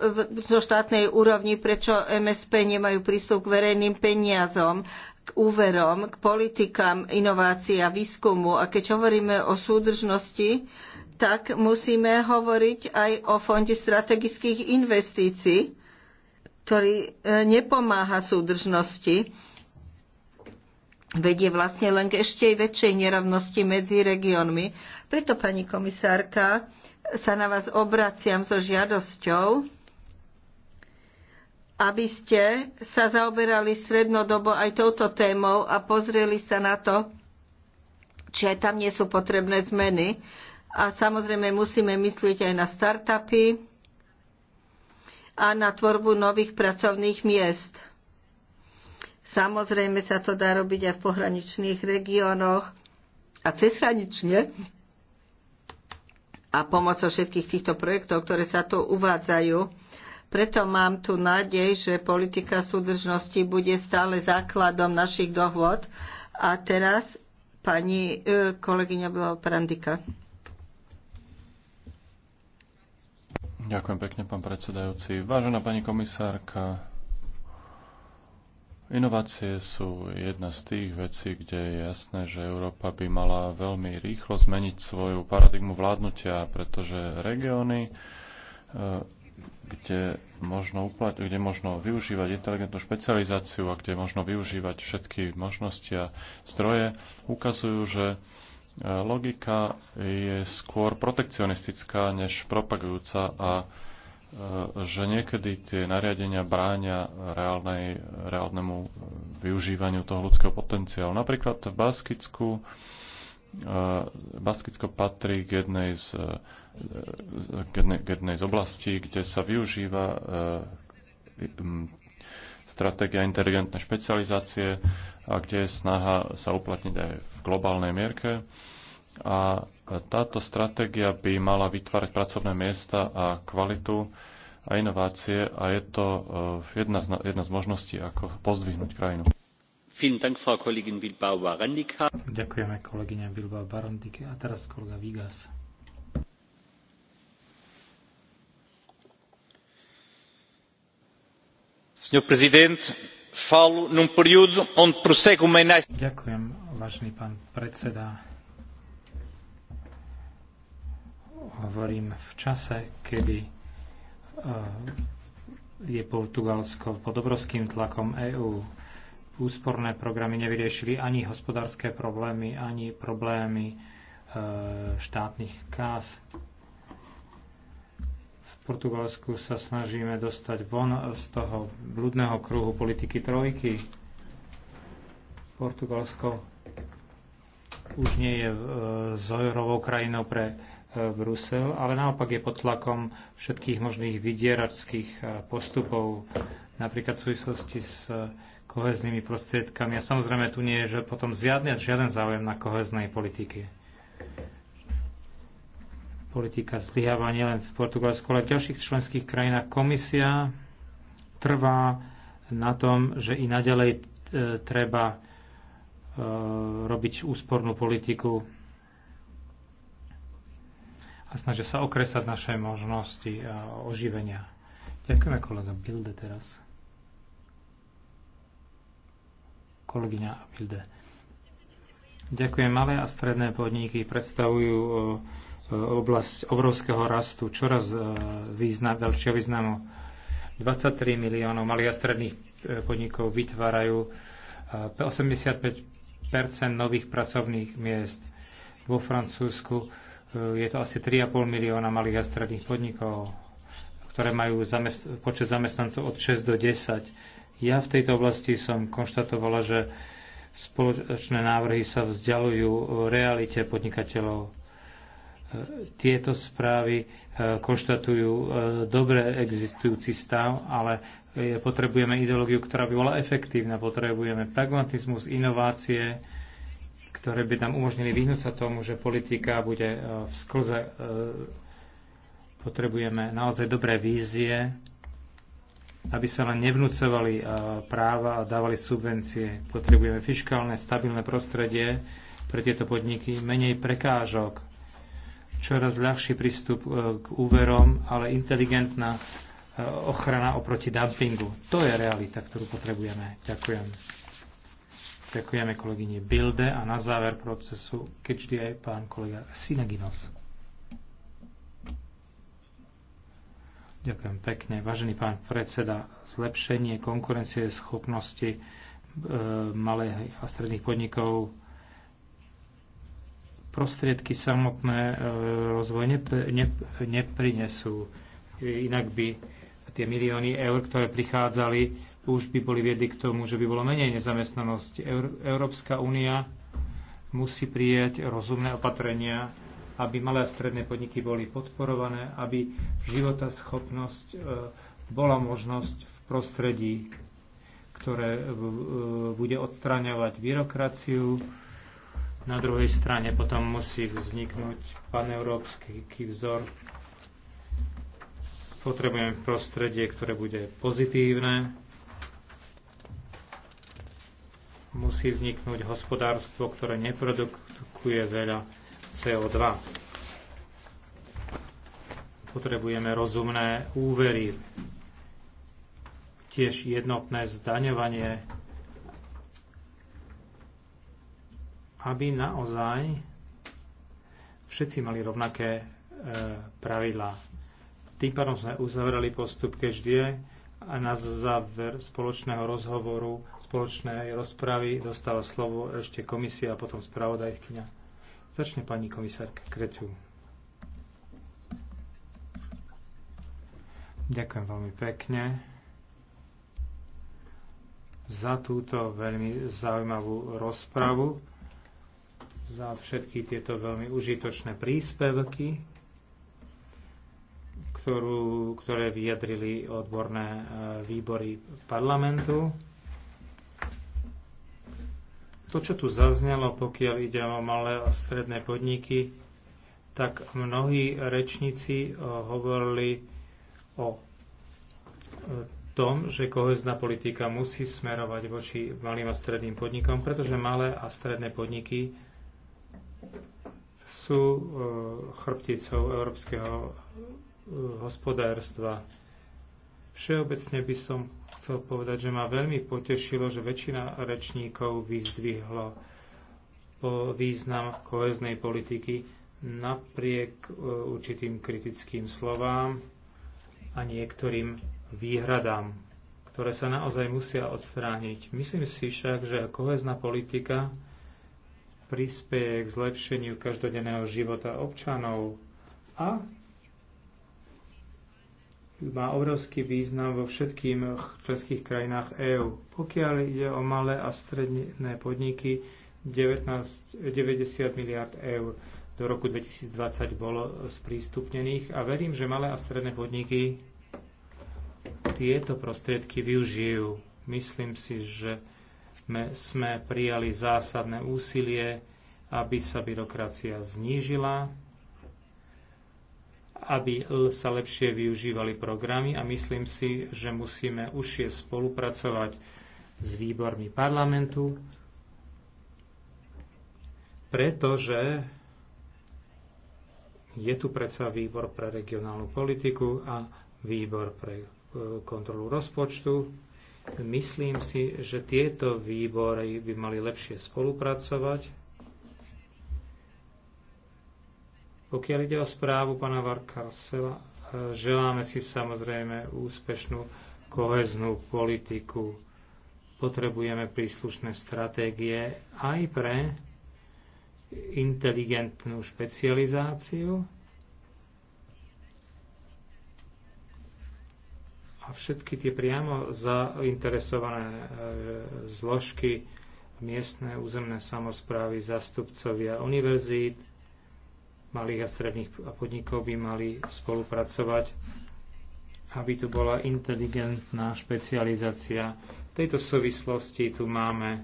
zo štátnej úrovni, prečo MSP nemajú prístup k verejným peniazom, k úverom, k politikám inovácií a výskumu. A keď hovoríme o súdržnosti, tak musíme hovoriť aj o Fonde strategických investícií, ktorý e, nepomáha súdržnosti, vedie vlastne len k ešte väčšej nerovnosti medzi regiónmi. Preto, pani komisárka, sa na vás obraciam so žiadosťou, aby ste sa zaoberali strednodobo aj touto témou a pozreli sa na to, či aj tam nie sú potrebné zmeny. A samozrejme musíme myslieť aj na startupy a na tvorbu nových pracovných miest. Samozrejme sa to dá robiť aj v pohraničných regiónoch a cezhranične. A pomocou všetkých týchto projektov, ktoré sa tu uvádzajú, preto mám tu nádej, že politika súdržnosti bude stále základom našich dohôd. A teraz pani e, kolegyňa Bela Prandika. Ďakujem pekne, pán predsedajúci. Vážená pani komisárka, inovácie sú jedna z tých vecí, kde je jasné, že Európa by mala veľmi rýchlo zmeniť svoju paradigmu vládnutia, pretože regióny, e, kde možno, uplat- kde možno využívať inteligentnú špecializáciu a kde možno využívať všetky možnosti a zdroje, ukazujú, že E, logika je skôr protekcionistická než propagujúca a e, že niekedy tie nariadenia bránia reálnej, reálnemu e, využívaniu toho ľudského potenciálu. Napríklad v Baskicku Baskicko patrí k jednej z, k jednej, k jednej z oblastí, kde sa využíva stratégia inteligentnej špecializácie, a kde je snaha sa uplatniť aj v globálnej mierke. A táto stratégia by mala vytvárať pracovné miesta a kvalitu a inovácie a je to eh, jedna z, jedna z možností, ako pozdvihnúť krajinu. Ďakujeme kolegyne Bilbao Barandike a teraz kolega Vigas. Ďakujem, vážený pán predseda. Hovorím v čase, kedy eh, je Portugalsko pod obrovským tlakom EÚ. Úsporné programy nevyriešili ani hospodárske problémy, ani problémy eh, štátnych kás Portugalsku sa snažíme dostať von z toho blúdneho kruhu politiky trojky. Portugalsko už nie je e, zojorovou krajinou pre e, Brusel, ale naopak je pod tlakom všetkých možných vydieračských e, postupov, napríklad v súvislosti s koheznými prostriedkami. A samozrejme tu nie je že potom žiaden záujem na koheznej politike politika zlyháva nielen v Portugalsku, ale v ďalších členských krajinách. Komisia trvá na tom, že i naďalej e, treba e, robiť úspornú politiku a snažia sa okresať naše možnosti a oživenia. Ďakujeme kolega Bilde teraz. Kolegyňa Bilde. Ďakujem. Malé a stredné podniky predstavujú e, oblasť obrovského rastu, čoraz e, význam, veľšieho významu. 23 miliónov malých a stredných e, podnikov vytvárajú 85 e, nových pracovných miest. Vo Francúzsku je to asi 3,5 milióna malých a stredných podnikov, ktoré majú zamest- počet zamestnancov od 6 do 10. Ja v tejto oblasti som konštatovala, že spoločné návrhy sa vzdialujú realite podnikateľov tieto správy e, konštatujú e, dobre existujúci stav, ale e, potrebujeme ideológiu, ktorá by bola efektívna, potrebujeme pragmatizmus, inovácie, ktoré by nám umožnili vyhnúť sa tomu, že politika bude v sklze. Potrebujeme naozaj dobré vízie, aby sa len nevnúcovali práva a dávali subvencie. Potrebujeme fiskálne, stabilné prostredie pre tieto podniky, menej prekážok čoraz ľahší prístup e, k úverom, ale inteligentná e, ochrana oproti dumpingu. To je realita, ktorú potrebujeme. Ďakujem. Ďakujeme kolegyni Bilde a na záver procesu, keďže aj pán kolega Synaginos. Ďakujem pekne. Vážený pán predseda, zlepšenie konkurencie schopnosti e, malých a stredných podnikov prostriedky samotné e, rozvoj nep- nep- neprinesú. Inak by tie milióny eur, ktoré prichádzali, už by boli viedli k tomu, že by bolo menej nezamestnanosti. Európska únia musí prijať rozumné opatrenia, aby malé a stredné podniky boli podporované, aby života schopnosť e, bola možnosť v prostredí, ktoré e, bude odstraňovať byrokraciu, na druhej strane potom musí vzniknúť paneurópsky vzor. Potrebujeme prostredie, ktoré bude pozitívne. Musí vzniknúť hospodárstvo, ktoré neprodukuje veľa CO2. Potrebujeme rozumné úvery, tiež jednotné zdaňovanie aby naozaj všetci mali rovnaké e, pravidlá. Tým pádom sme uzavreli postup keždie a na záver spoločného rozhovoru, spoločnej rozpravy dostáva slovo ešte komisia a potom spravodajkyňa. Začne pani komisárka Kretu. Ďakujem veľmi pekne za túto veľmi zaujímavú rozpravu za všetky tieto veľmi užitočné príspevky, ktorú, ktoré vyjadrili odborné e, výbory parlamentu. To, čo tu zaznelo, pokiaľ ide o malé a stredné podniky, tak mnohí rečníci e, hovorili o e, tom, že kohezná politika musí smerovať voči malým a stredným podnikom, pretože malé a stredné podniky sú e, chrbticou európskeho e, hospodárstva. Všeobecne by som chcel povedať, že ma veľmi potešilo, že väčšina rečníkov vyzdvihlo po význam koheznej politiky napriek e, určitým kritickým slovám a niektorým výhradám, ktoré sa naozaj musia odstrániť. Myslím si však, že kohezná politika prispieje k zlepšeniu každodenného života občanov a má obrovský význam vo všetkých členských krajinách EÚ. Pokiaľ ide o malé a stredné podniky, 19, 90 miliard eur do roku 2020 bolo sprístupnených a verím, že malé a stredné podniky tieto prostriedky využijú. Myslím si, že sme prijali zásadné úsilie, aby sa byrokracia znížila, aby sa lepšie využívali programy a myslím si, že musíme užšie spolupracovať s výbormi parlamentu, pretože je tu predsa výbor pre regionálnu politiku a výbor pre e, kontrolu rozpočtu Myslím si, že tieto výbory by mali lepšie spolupracovať. Pokiaľ ide o správu pána Sela, e, želáme si samozrejme úspešnú koheznú politiku. Potrebujeme príslušné stratégie aj pre inteligentnú špecializáciu všetky tie priamo zainteresované e, zložky, miestne územné samozprávy, zastupcovia univerzít, malých a stredných podnikov by mali spolupracovať, aby tu bola inteligentná špecializácia. V tejto súvislosti tu máme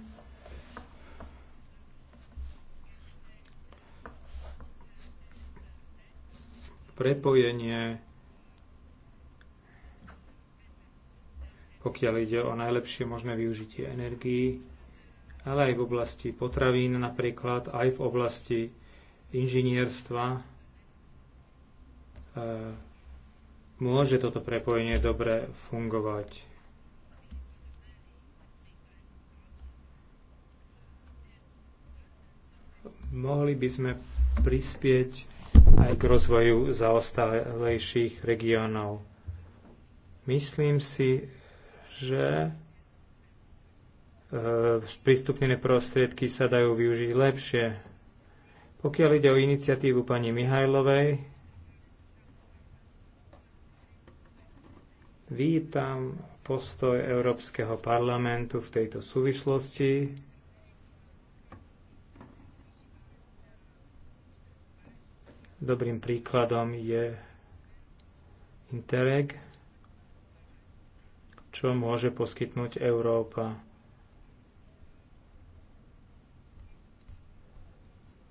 prepojenie pokiaľ ide o najlepšie možné využitie energií, ale aj v oblasti potravín napríklad, aj v oblasti inžinierstva e, môže toto prepojenie dobre fungovať. Mohli by sme prispieť aj k rozvoju zaostalejších regiónov. Myslím si, že e, sprístupnené prostriedky sa dajú využiť lepšie. Pokiaľ ide o iniciatívu pani Mihajlovej, vítam postoj Európskeho parlamentu v tejto súvislosti. Dobrým príkladom je Interreg, čo môže poskytnúť Európa.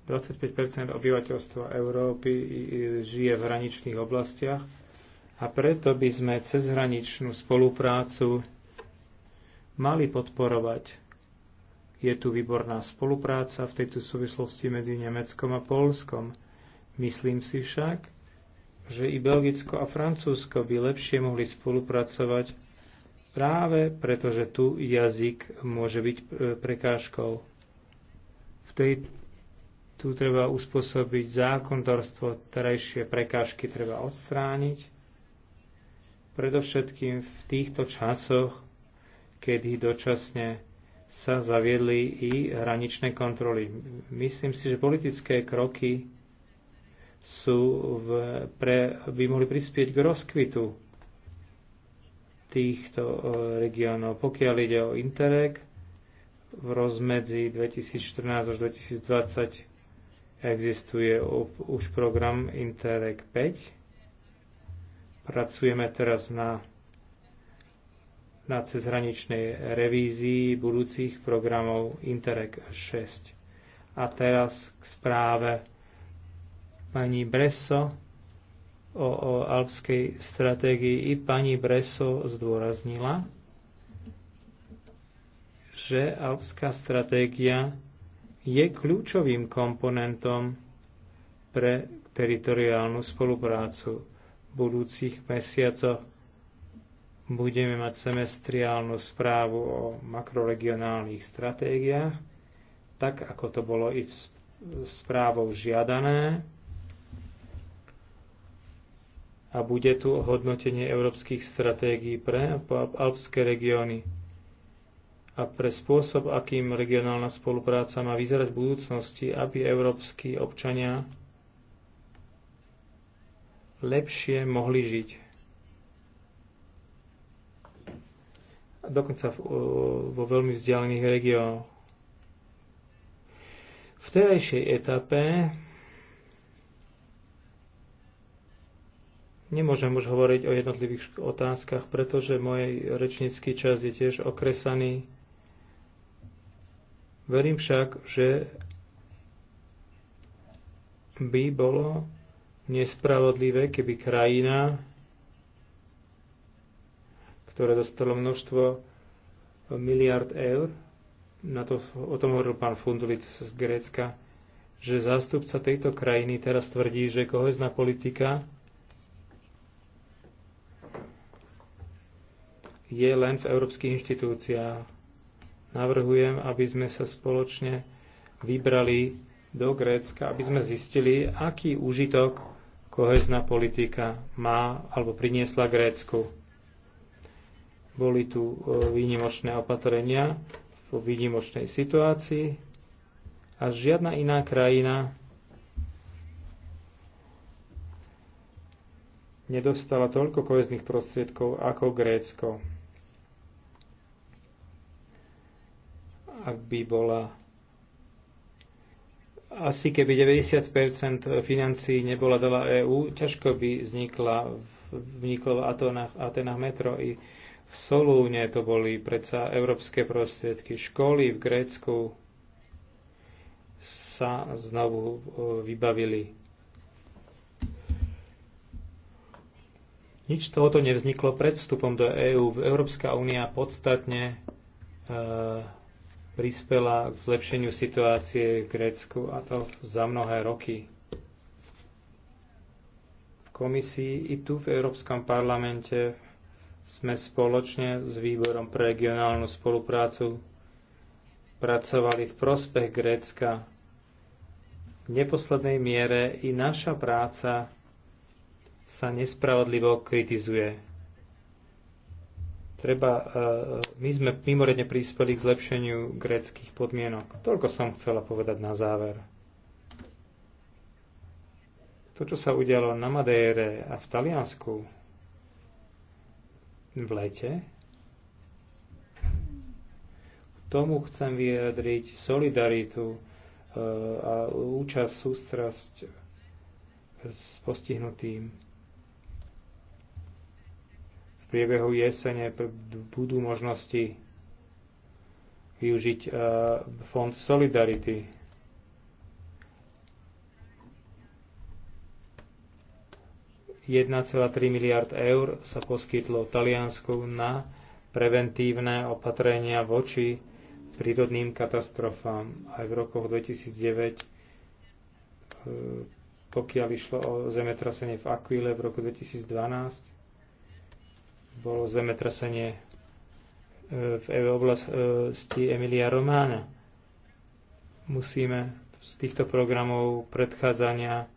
25 obyvateľstva Európy žije v hraničných oblastiach a preto by sme cezhraničnú spoluprácu mali podporovať. Je tu výborná spolupráca v tejto súvislosti medzi Nemeckom a Polskom. Myslím si však, že i Belgicko a Francúzsko by lepšie mohli spolupracovať Práve preto, že tu jazyk môže byť e, prekážkou. V tej, tu treba uspôsobiť zákonodárstvo, terajšie prekážky treba odstrániť. Predovšetkým v týchto časoch, kedy dočasne sa zaviedli i hraničné kontroly. Myslím si, že politické kroky sú v, pre, by mohli prispieť k rozkvitu týchto e, regiónov. Pokiaľ ide o Interreg, v rozmedzi 2014 až 2020 existuje už program Interreg 5. Pracujeme teraz na, na cezhraničnej revízii budúcich programov Interreg 6. A teraz k správe pani Bresso o, o alpskej stratégii i pani Breso zdôraznila, že alpská stratégia je kľúčovým komponentom pre teritoriálnu spoluprácu. V budúcich mesiacoch budeme mať semestriálnu správu o makroregionálnych stratégiách, tak ako to bolo i v správou žiadané a bude tu hodnotenie európskych stratégií pre alpské regióny a pre spôsob, akým regionálna spolupráca má vyzerať v budúcnosti, aby európsky občania lepšie mohli žiť. Dokonca vo veľmi vzdialených regiónoch. V terajšej etape Nemôžem už hovoriť o jednotlivých otázkach, pretože môj rečnícky čas je tiež okresaný. Verím však, že by bolo nespravodlivé, keby krajina, ktorá dostala množstvo miliard eur, na to, o tom hovoril pán Fundulic z Grécka, že zástupca tejto krajiny teraz tvrdí, že kohezná politika je len v európskych inštitúciách. Navrhujem, aby sme sa spoločne vybrali do Grécka, aby sme zistili, aký užitok kohezná politika má alebo priniesla Grécku. Boli tu e, výnimočné opatrenia vo výnimočnej situácii a žiadna iná krajina nedostala toľko kohezných prostriedkov ako Grécko. ak by bola asi keby 90% financií nebola dala EÚ, ťažko by vznikla, vzniklo v Atenách, Atenách metro i v Solúne to boli predsa európske prostriedky. Školy v Grécku sa znovu e, vybavili. Nič z tohoto nevzniklo pred vstupom do EÚ. Európska únia podstatne e, prispela k zlepšeniu situácie v Grécku a to za mnohé roky. V komisii i tu v Európskom parlamente sme spoločne s Výborom pre regionálnu spoluprácu pracovali v prospech Grécka. V neposlednej miere i naša práca sa nespravodlivo kritizuje. Treba, e, my sme mimoriadne prispeli k zlepšeniu gréckých podmienok. Toľko som chcela povedať na záver. To, čo sa udialo na Madejre a v Taliansku v lete, tomu chcem vyjadriť solidaritu e, a účasť, sústrasť s postihnutým priebehu jesene budú možnosti využiť e, fond Solidarity. ,3 miliard eur sa poskytlo Taliansku na preventívne opatrenia voči prírodným katastrofám. Aj v rokoch 2009, e, pokiaľ išlo o zemetrasenie v Aquile v roku 2012, bolo zemetrasenie e, v e, oblasti e, Emilia Romána. Musíme z týchto programov predchádzania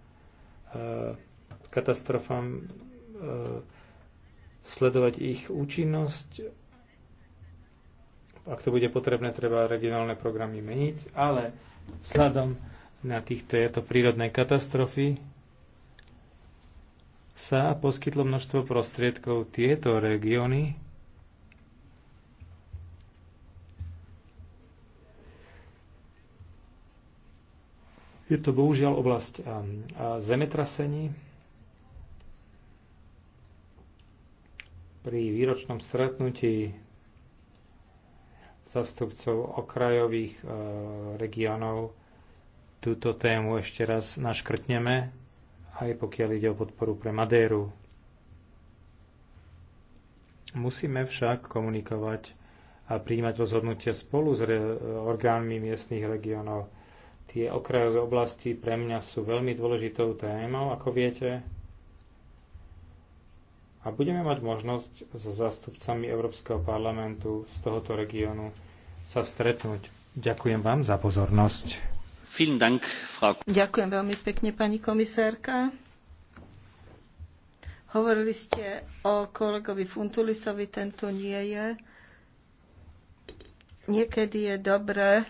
katastrofám sledovať ich účinnosť. Ak to bude potrebné, treba regionálne programy meniť, ale vzhľadom na týchto prírodnej katastrofy sa poskytlo množstvo prostriedkov. Tieto regióny Je to bohužiaľ oblasť zemetrasení. Pri výročnom stretnutí zastupcov okrajových regiónov túto tému ešte raz naškrtneme aj pokiaľ ide o podporu pre Madéru. Musíme však komunikovať a príjmať rozhodnutia spolu s orgánmi miestnych regiónov. Tie okrajové oblasti pre mňa sú veľmi dôležitou témou, ako viete. A budeme mať možnosť so zástupcami Európskeho parlamentu z tohoto regiónu sa stretnúť. Ďakujem vám za pozornosť. Ďakujem veľmi pekne, pani komisárka. Hovorili ste o kolegovi Funtulisovi, tu nie je. Niekedy je dobré,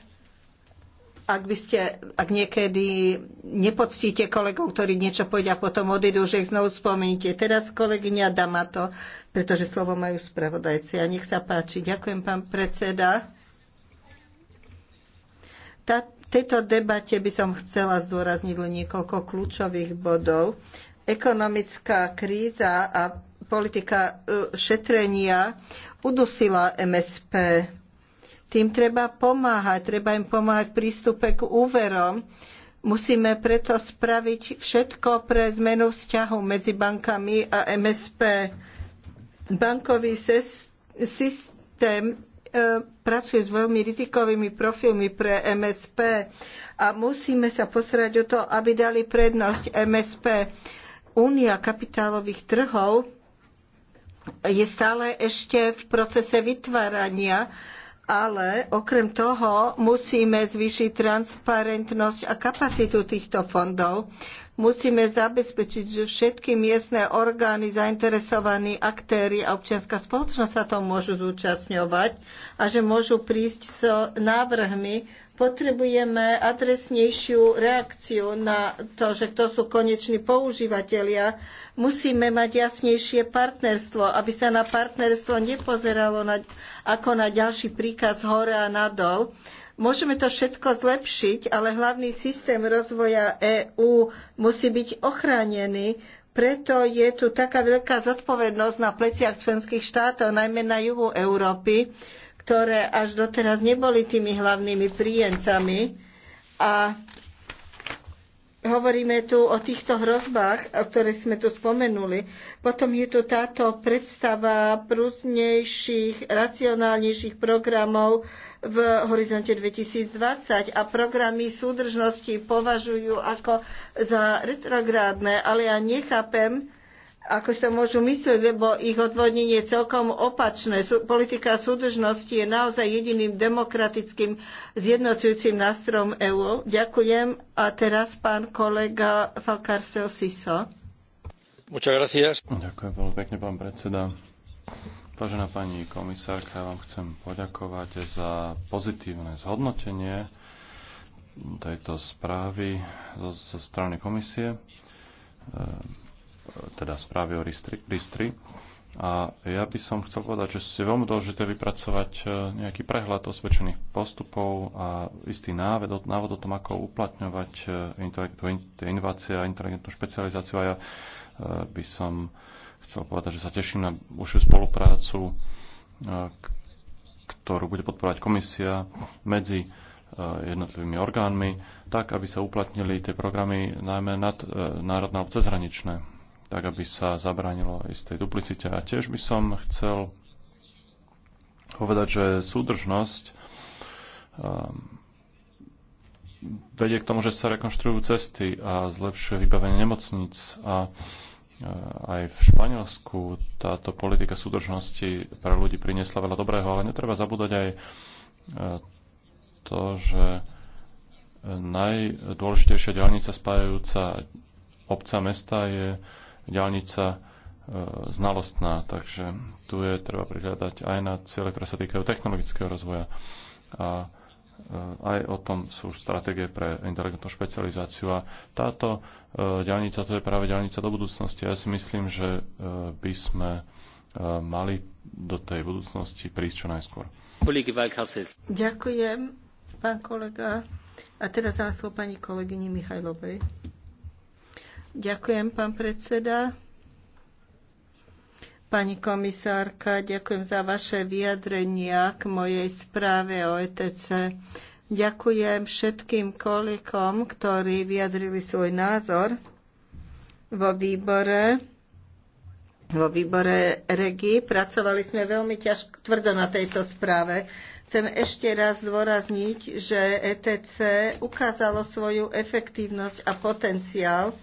ak, by ste, ak niekedy nepoctíte kolegov, ktorí niečo povedia potom odídu, že ich znovu spomeníte. Teraz kolegyňa Damato, pretože slovo majú spravodajci. A nech sa páči. Ďakujem, pán predseda. Tá, tejto debate by som chcela zdôrazniť len niekoľko kľúčových bodov. Ekonomická kríza a politika e, šetrenia udusila MSP. Tým treba pomáhať, treba im pomáhať v prístupe k úverom. Musíme preto spraviť všetko pre zmenu vzťahu medzi bankami a MSP. Bankový systém pracuje s veľmi rizikovými profilmi pre MSP a musíme sa posrať o to, aby dali prednosť MSP. Únia kapitálových trhov je stále ešte v procese vytvárania, ale okrem toho musíme zvýšiť transparentnosť a kapacitu týchto fondov. Musíme zabezpečiť, že všetky miestne orgány, zainteresovaní aktéry a občianská spoločnosť sa tom môžu zúčastňovať a že môžu prísť s návrhmi. Potrebujeme adresnejšiu reakciu na to, že kto sú koneční používateľia. Musíme mať jasnejšie partnerstvo, aby sa na partnerstvo nepozeralo na, ako na ďalší príkaz hore a nadol. Môžeme to všetko zlepšiť, ale hlavný systém rozvoja EÚ musí byť ochránený. Preto je tu taká veľká zodpovednosť na pleciach členských štátov, najmä na juhu Európy, ktoré až doteraz neboli tými hlavnými príjemcami. A Hovoríme tu o týchto hrozbách, o ktorých sme tu spomenuli. Potom je tu táto predstava prúznejších, racionálnejších programov v horizonte 2020 a programy súdržnosti považujú ako za retrográdne, ale ja nechápem, ako sa môžu myslieť, lebo ich odvodnenie je celkom opačné. Politika súdržnosti je naozaj jediným demokratickým zjednocujúcim nástrojom EÚ. Ďakujem. A teraz pán kolega Falcarcel Siso. Ďakujem veľmi pekne, pán predseda. Vážená pani komisárka, ja vám chcem poďakovať za pozitívne zhodnotenie tejto správy zo, zo strany komisie. Ehm teda správy o RISTRI. A ja by som chcel povedať, že je veľmi dôležité vypracovať e, nejaký prehľad osvedčených postupov a istý návod, návod o tom, ako uplatňovať e, tie inovácie a inteligentnú špecializáciu. A ja e, by som chcel povedať, že sa teším na užšiu spoluprácu, ktorú bude podporovať komisia medzi jednotlivými orgánmi, tak, aby sa uplatnili tie programy najmä nad, národné alebo cezhraničné tak aby sa zabránilo istej duplicite. A tiež by som chcel povedať, že súdržnosť ehm, vedie k tomu, že sa rekonštruujú cesty a zlepšuje vybavenie nemocníc a e, aj v Španielsku táto politika súdržnosti pre ľudí priniesla veľa dobrého, ale netreba zabúdať aj e, to, že najdôležitejšia diálnica spájajúca obca mesta je e, znalostná, takže tu je treba prihľadať aj na ciele, ktoré sa týkajú technologického rozvoja. A e, aj o tom sú stratégie pre inteligentnú špecializáciu. A táto ďalnica, e, to je práve ďalnica do budúcnosti. Ja si myslím, že e, by sme mali do tej budúcnosti prísť čo najskôr. Ďakujem, pán kolega. A teraz dám pani kolegyni Michajlovej. Ďakujem, pán predseda. Pani komisárka, ďakujem za vaše vyjadrenia k mojej správe o ETC. Ďakujem všetkým kolegom, ktorí vyjadrili svoj názor vo výbore. Vo výbore REGI pracovali sme veľmi ťažko, tvrdo na tejto správe. Chcem ešte raz zdôrazniť, že ETC ukázalo svoju efektívnosť a potenciál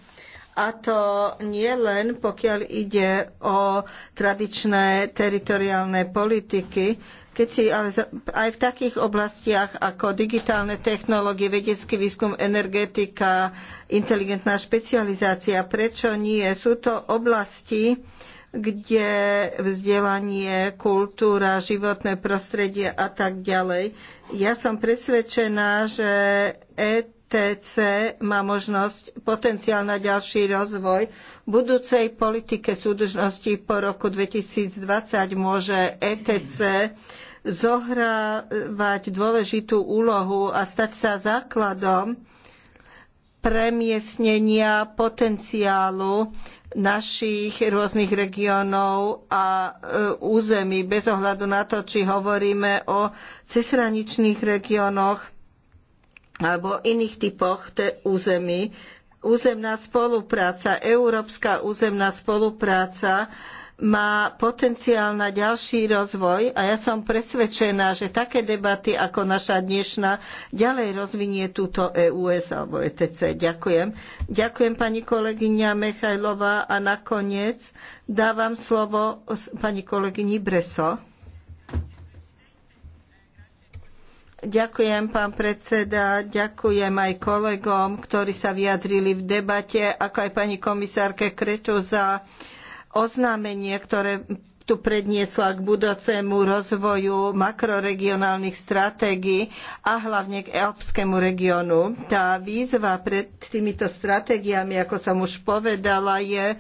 a to nie len pokiaľ ide o tradičné teritoriálne politiky, keď si ale aj v takých oblastiach ako digitálne technológie, vedecký výskum, energetika, inteligentná špecializácia, prečo nie? Sú to oblasti, kde vzdelanie, kultúra, životné prostredie a tak ďalej. Ja som presvedčená, že et TC má možnosť potenciál na ďalší rozvoj. V budúcej politike súdržnosti po roku 2020 môže ETC zohrávať dôležitú úlohu a stať sa základom premiesnenia potenciálu našich rôznych regiónov a e, území, bez ohľadu na to, či hovoríme o cezhraničných regiónoch alebo iných typoch území. Územná spolupráca, európska územná spolupráca má potenciál na ďalší rozvoj a ja som presvedčená, že také debaty ako naša dnešná ďalej rozvinie túto EUS alebo ETC. Ďakujem. Ďakujem pani kolegyňa Mechajlová a nakoniec dávam slovo pani kolegyni Breso. Ďakujem, pán predseda, ďakujem aj kolegom, ktorí sa vyjadrili v debate, ako aj pani komisárke Kretu za oznámenie, ktoré tu predniesla k budúcemu rozvoju makroregionálnych stratégií a hlavne k Európskemu regiónu. Tá výzva pred týmito stratégiami, ako som už povedala, je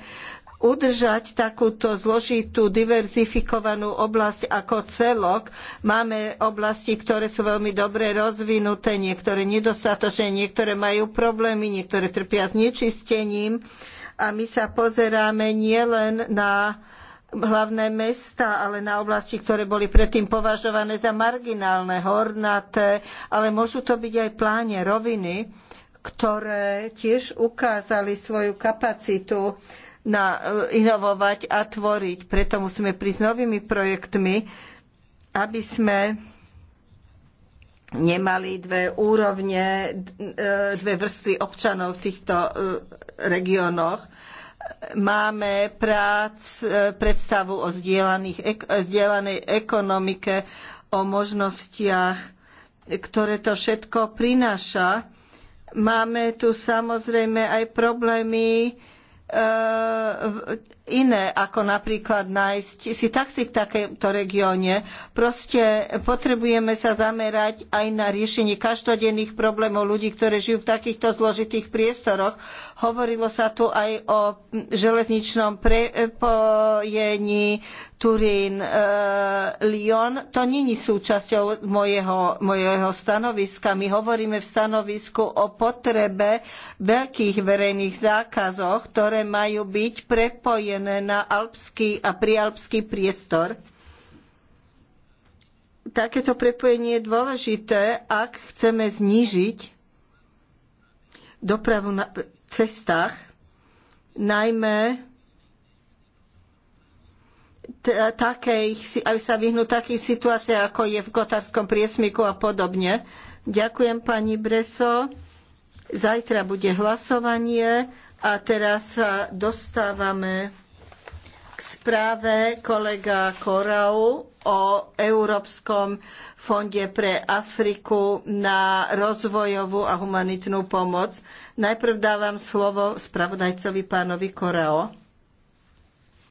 udržať takúto zložitú, diverzifikovanú oblasť ako celok. Máme oblasti, ktoré sú veľmi dobre rozvinuté, niektoré nedostatočné, niektoré majú problémy, niektoré trpia znečistením. A my sa pozeráme nielen na hlavné mestá, ale na oblasti, ktoré boli predtým považované za marginálne, hornaté, ale môžu to byť aj pláne roviny, ktoré tiež ukázali svoju kapacitu na, e, inovovať a tvoriť. Preto musíme prísť s novými projektmi, aby sme nemali dve úrovne, e, dve vrstvy občanov v týchto e, regiónoch. Máme prác, predstavu o zdieľanej ekonomike, o možnostiach, ktoré to všetko prináša. Máme tu samozrejme aj problémy, uh iné, ako napríklad nájsť si taxík v takomto regióne. Proste potrebujeme sa zamerať aj na riešenie každodenných problémov ľudí, ktorí žijú v takýchto zložitých priestoroch. Hovorilo sa tu aj o železničnom prepojení Turín-Lyon. E, to není súčasťou mojeho, mojeho stanoviska. My hovoríme v stanovisku o potrebe veľkých verejných zákazoch, ktoré majú byť prepojené napojené na alpský a prialpský priestor. Takéto prepojenie je dôležité, ak chceme znížiť dopravu na cestách, najmä takej, aby sa vyhnú takých situáciách, ako je v Gotárskom priesmiku a podobne. Ďakujem pani Breso. Zajtra bude hlasovanie a teraz sa dostávame k správe kolega Korau o Európskom fonde pre Afriku na rozvojovú a humanitnú pomoc. Najprv dávam slovo spravodajcovi pánovi Korao.